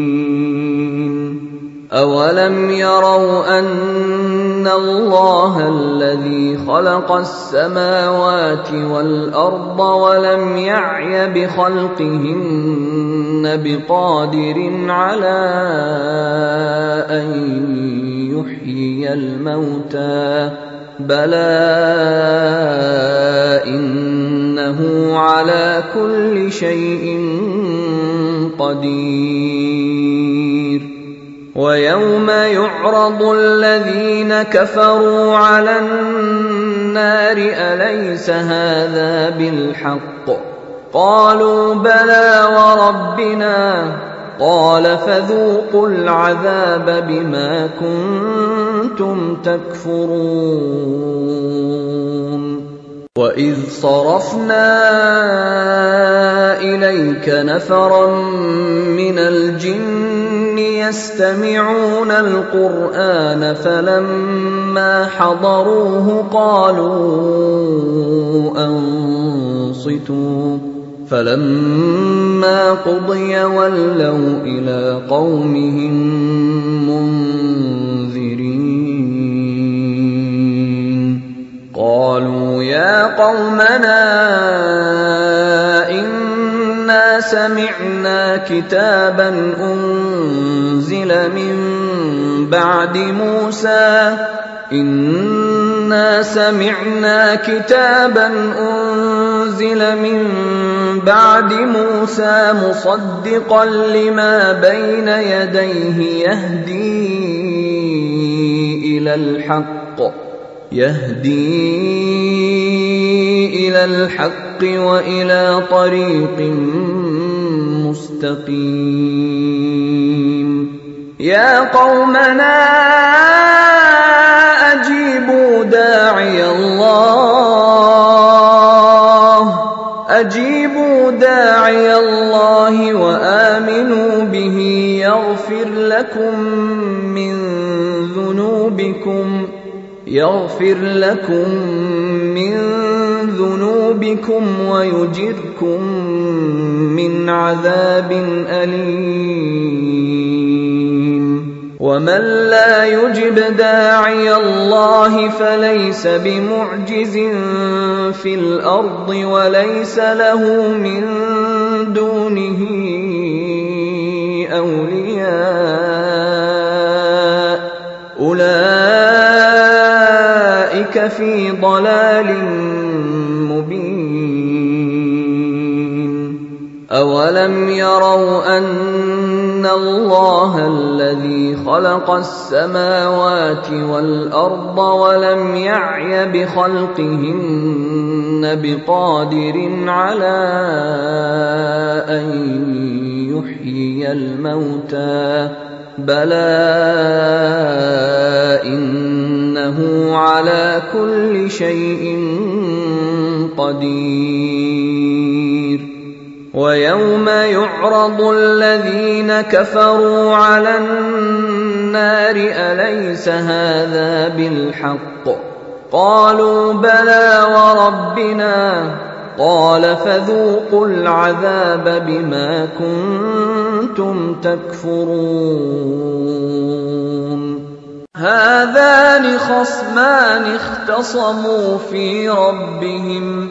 أولم يروا أن الله الذي خلق السماوات والأرض ولم يعي بخلقهن بقادر على أن يحيي الموتى بلى إن إنه على كل شيء قدير ويوم يعرض الذين كفروا على النار أليس هذا بالحق قالوا بلى وربنا قال فذوقوا العذاب بما كنتم تكفرون وَإِذْ صَرَفْنَا إِلَيْكَ نَفَرًا مِّنَ الْجِنِّ يَسْتَمِعُونَ الْقُرْآنَ فَلَمَّا حَضَرُوهُ قَالُوا أَنصِتُوا فَلَمَّا قُضِيَ وَلَّوْا إِلَىٰ قَوْمِهِم مُّنذِرِينَ قالوا يا قومنا انا سمعنا كتابا انزل من بعد موسى انا سمعنا كتابا انزل من بعد موسى مصدقا لما بين يديه يهدي الى الحق يهدي الى الحق والى طريق مستقيم يا قومنا اجيبوا داعي الله اجيبوا داعي الله وامنوا به يغفر لكم من ذنوبكم يغفر لكم من ذنوبكم ويجركم من عذاب أليم ومن لا يجب داعي الله فليس بمعجز في الأرض وليس له من دونه أولياء أولئك لفي ضلال مبين أولم يروا أن الله الذي خلق السماوات والأرض ولم يعي بخلقهن بقادر على أن يحيي الموتى بلى إن إنه على كل شيء قدير ويوم يعرض الذين كفروا على النار أليس هذا بالحق قالوا بلى وربنا قال فذوقوا العذاب بما كنتم تكفرون هَٰذَانِ خَصْمَانِ اخْتَصَمُوا فِي رَبِّهِمْ ۖ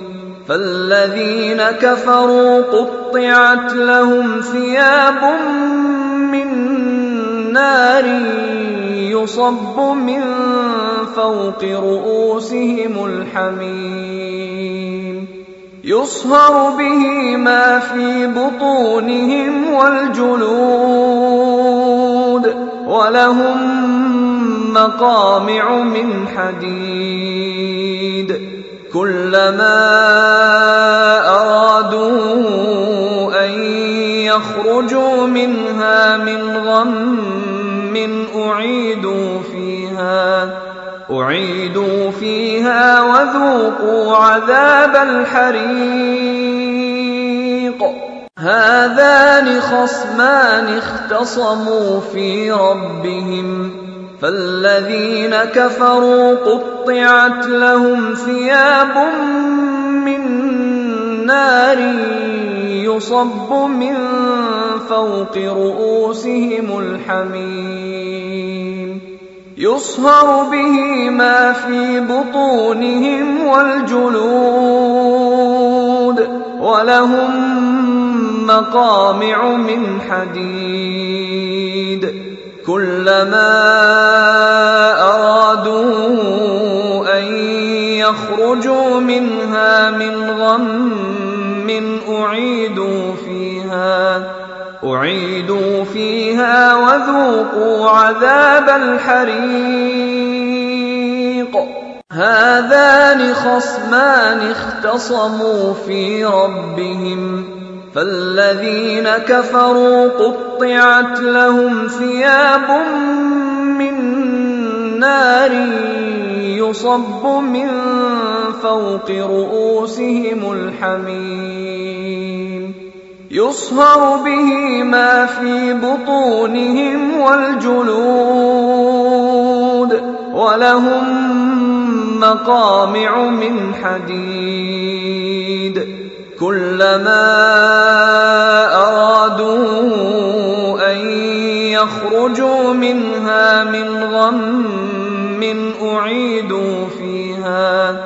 فَالَّذِينَ كَفَرُوا قُطِّعَتْ لَهُمْ ثِيَابٌ مِّن نَّارٍ يُصَبُّ مِن رؤوسهم رُءُوسِهِمُ الْحَمِيمُ يُصْهَرُ بِهِ مَا فِي بُطُونِهِمْ وَالْجُلُودُ ولهم مقامع من حديد كلما ارادوا ان يخرجوا منها من غم اعيدوا فيها اعيدوا فيها وذوقوا عذاب الحريق هذان خصمان اختصموا في ربهم فالذين كفروا قطعت لهم ثياب من نار يصب من فوق رؤوسهم الحميم يصهر به ما في بطونهم والجلود ولهم مقامع من حديد كلما ارادوا ان يخرجوا منها من غم اعيدوا فيها اعيدوا فيها وذوقوا عذاب الحريق هَٰذَانِ خَصْمَانِ اخْتَصَمُوا فِي رَبِّهِمْ ۖ فَالَّذِينَ كَفَرُوا قُطِّعَتْ لَهُمْ ثِيَابٌ مِّن نَّارٍ يُصَبُّ مِن رؤوسهم رُءُوسِهِمُ الْحَمِيمُ يُصْهَرُ بِهِ مَا فِي بُطُونِهِمْ وَالْجُلُودُ ولهم مقامع من حديد كلما ارادوا ان يخرجوا منها من غم اعيدوا فيها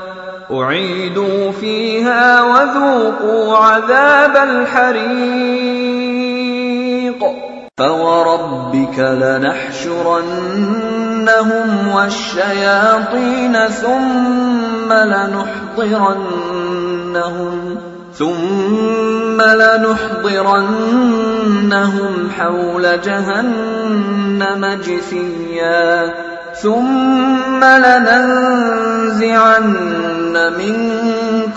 اعيدوا فيها وذوقوا عذاب الحريق فَوَرَبِّكَ لَنَحْشُرَنَّهُمْ وَالشَّيَاطِينَ ثُمَّ لَنُحْضِرَنَّهُمْ ثُمَّ لَنُحْضِرَنَّهُمْ حَوْلَ جَهَنَّمَ جِثِيًّا ثم لننزعن من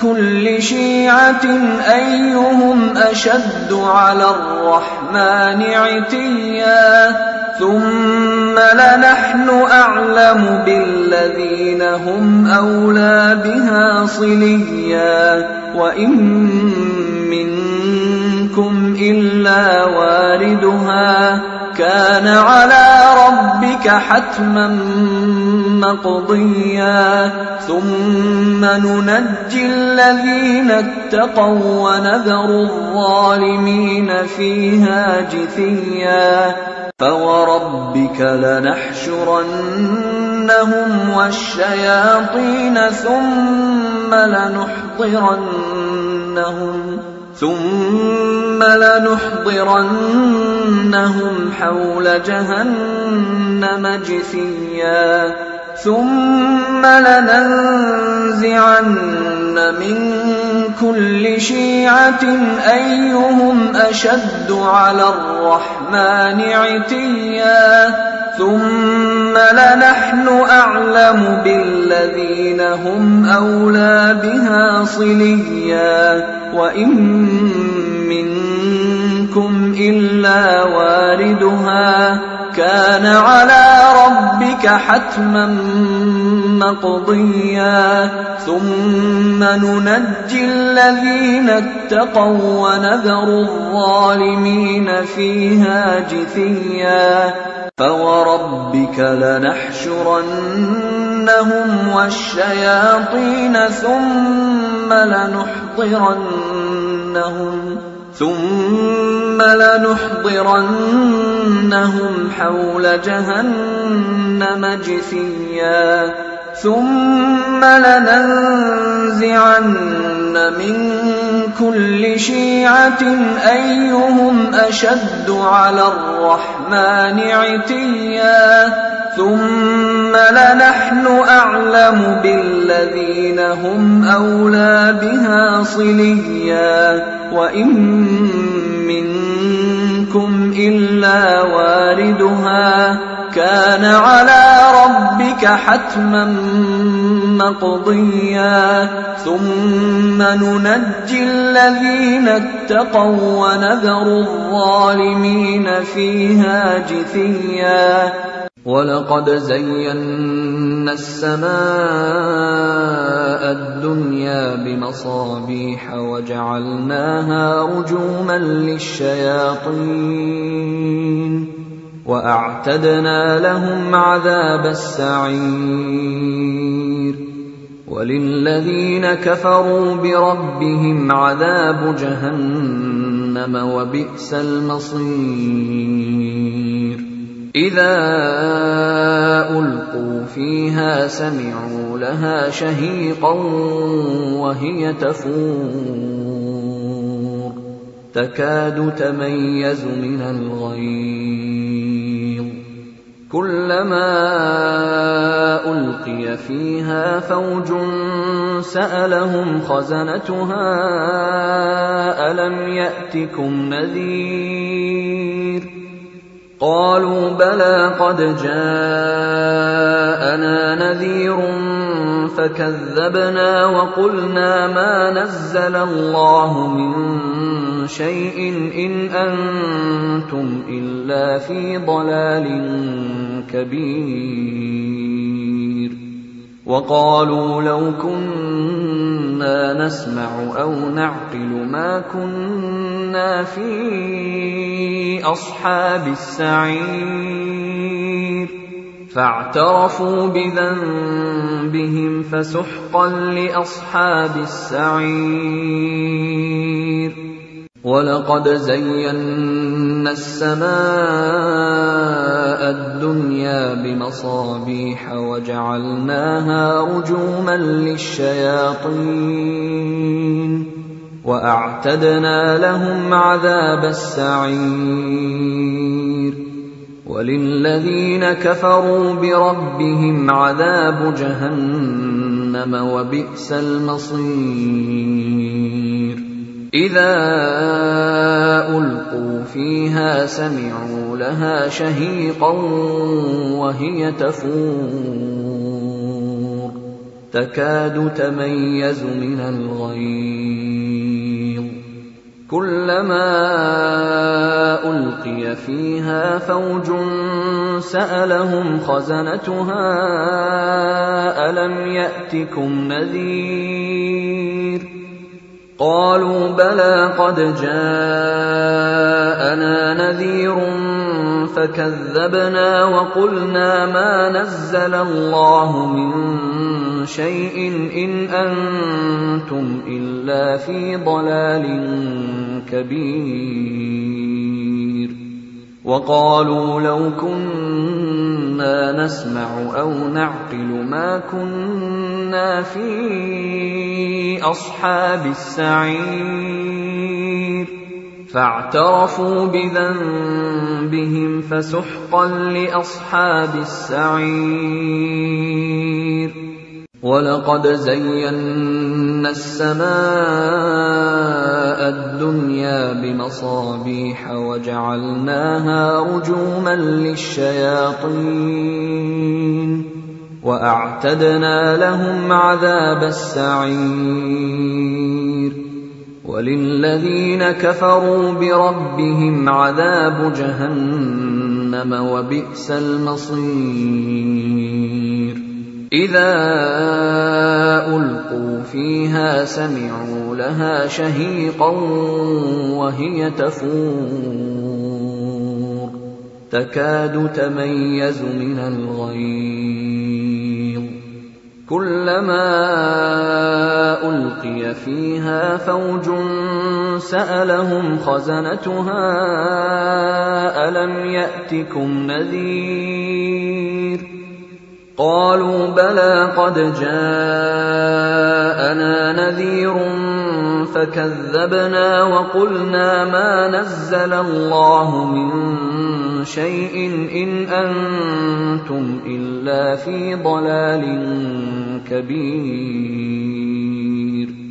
كل شيعة أيهم أشد على الرحمن عتيا ثم لنحن أعلم بالذين هم أولى بها صليا وإن منكم إلا واردها كان على ربك حتما مقضيا ثم ننجي الذين اتقوا ونذر الظالمين فيها جثيا فوربك لنحشرنهم والشياطين ثم لنحضرنهم ثم لنحضرنهم حول جهنم جثيا ثم لننزعن من كل شيعة أيهم أشد على الرحمن عتيا ثم لنحن أعلم بالذين هم أولى بها صليا وإن من إلا واردها كان على ربك حتما مقضيا ثم ننجي الذين اتقوا ونذر الظالمين فيها جثيا فوربك لنحشرنهم والشياطين ثم لنحضرنهم ثم لنحضرنهم حول جهنم جثيا ثم لننزعن من كل شيعة أيهم أشد على الرحمن عتيا ثم لنحن أعلم بالذين هم أولى بها صليا وإن منكم إلا واردها كان على ربك حتما مقضيا ثم ننجي الذين اتقوا ونذر الظالمين فيها جثيا ولقد زينا السماء الدنيا بمصابيح وجعلناها رجوما للشياطين واعتدنا لهم عذاب السعير وللذين كفروا بربهم عذاب جهنم وبئس المصير اذا القوا فيها سمعوا لها شهيقا وهي تفور تكاد تميز من الغيظ كلما القي فيها فوج سالهم خزنتها الم ياتكم نذير قالوا بلى قد جاءنا نذير فكذبنا وقلنا ما نزل الله من شيء ان انتم الا في ضلال كبير وقالوا لو كنا نسمع او نعقل ما كنا في اصحاب السعير فاعترفوا بذنبهم فسحقا لاصحاب السعير ولقد زينا السماء الدنيا بمصابيح وجعلناها رجوما للشياطين واعتدنا لهم عذاب السعير وللذين كفروا بربهم عذاب جهنم وبئس المصير اذا القوا فيها سمعوا لها شهيقا وهي تفور تكاد تميز من الغيظ كلما القي فيها فوج سالهم خزنتها الم ياتكم نذير قالوا بلى قد جاءنا نذير فكذبنا وقلنا ما نزل الله من شيء ان انتم الا في ضلال كبير وقالوا لو كنا نسمع او نعقل ما كنا في اصحاب السعير فاعترفوا بذنبهم فسحقا لاصحاب السعير ولقد زينا السماء الدنيا بمصابيح وجعلناها رجوما للشياطين واعتدنا لهم عذاب السعير وللذين كفروا بربهم عذاب جهنم وبئس المصير اذا القوا فيها سمعوا لها شهيقا وهي تفور تكاد تميز من الغيظ كلما القي فيها فوج سالهم خزنتها الم ياتكم نذير قالوا بلى قد جاءنا نذير فكذبنا وقلنا ما نزل الله من شيء ان انتم الا في ضلال كبير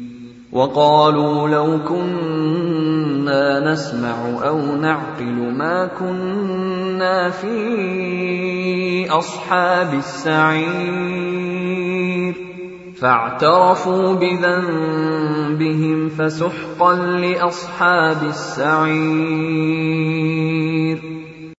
وقالوا لو كنا نسمع او نعقل ما كنا في اصحاب السعير فاعترفوا بذنبهم فسحقا لاصحاب السعير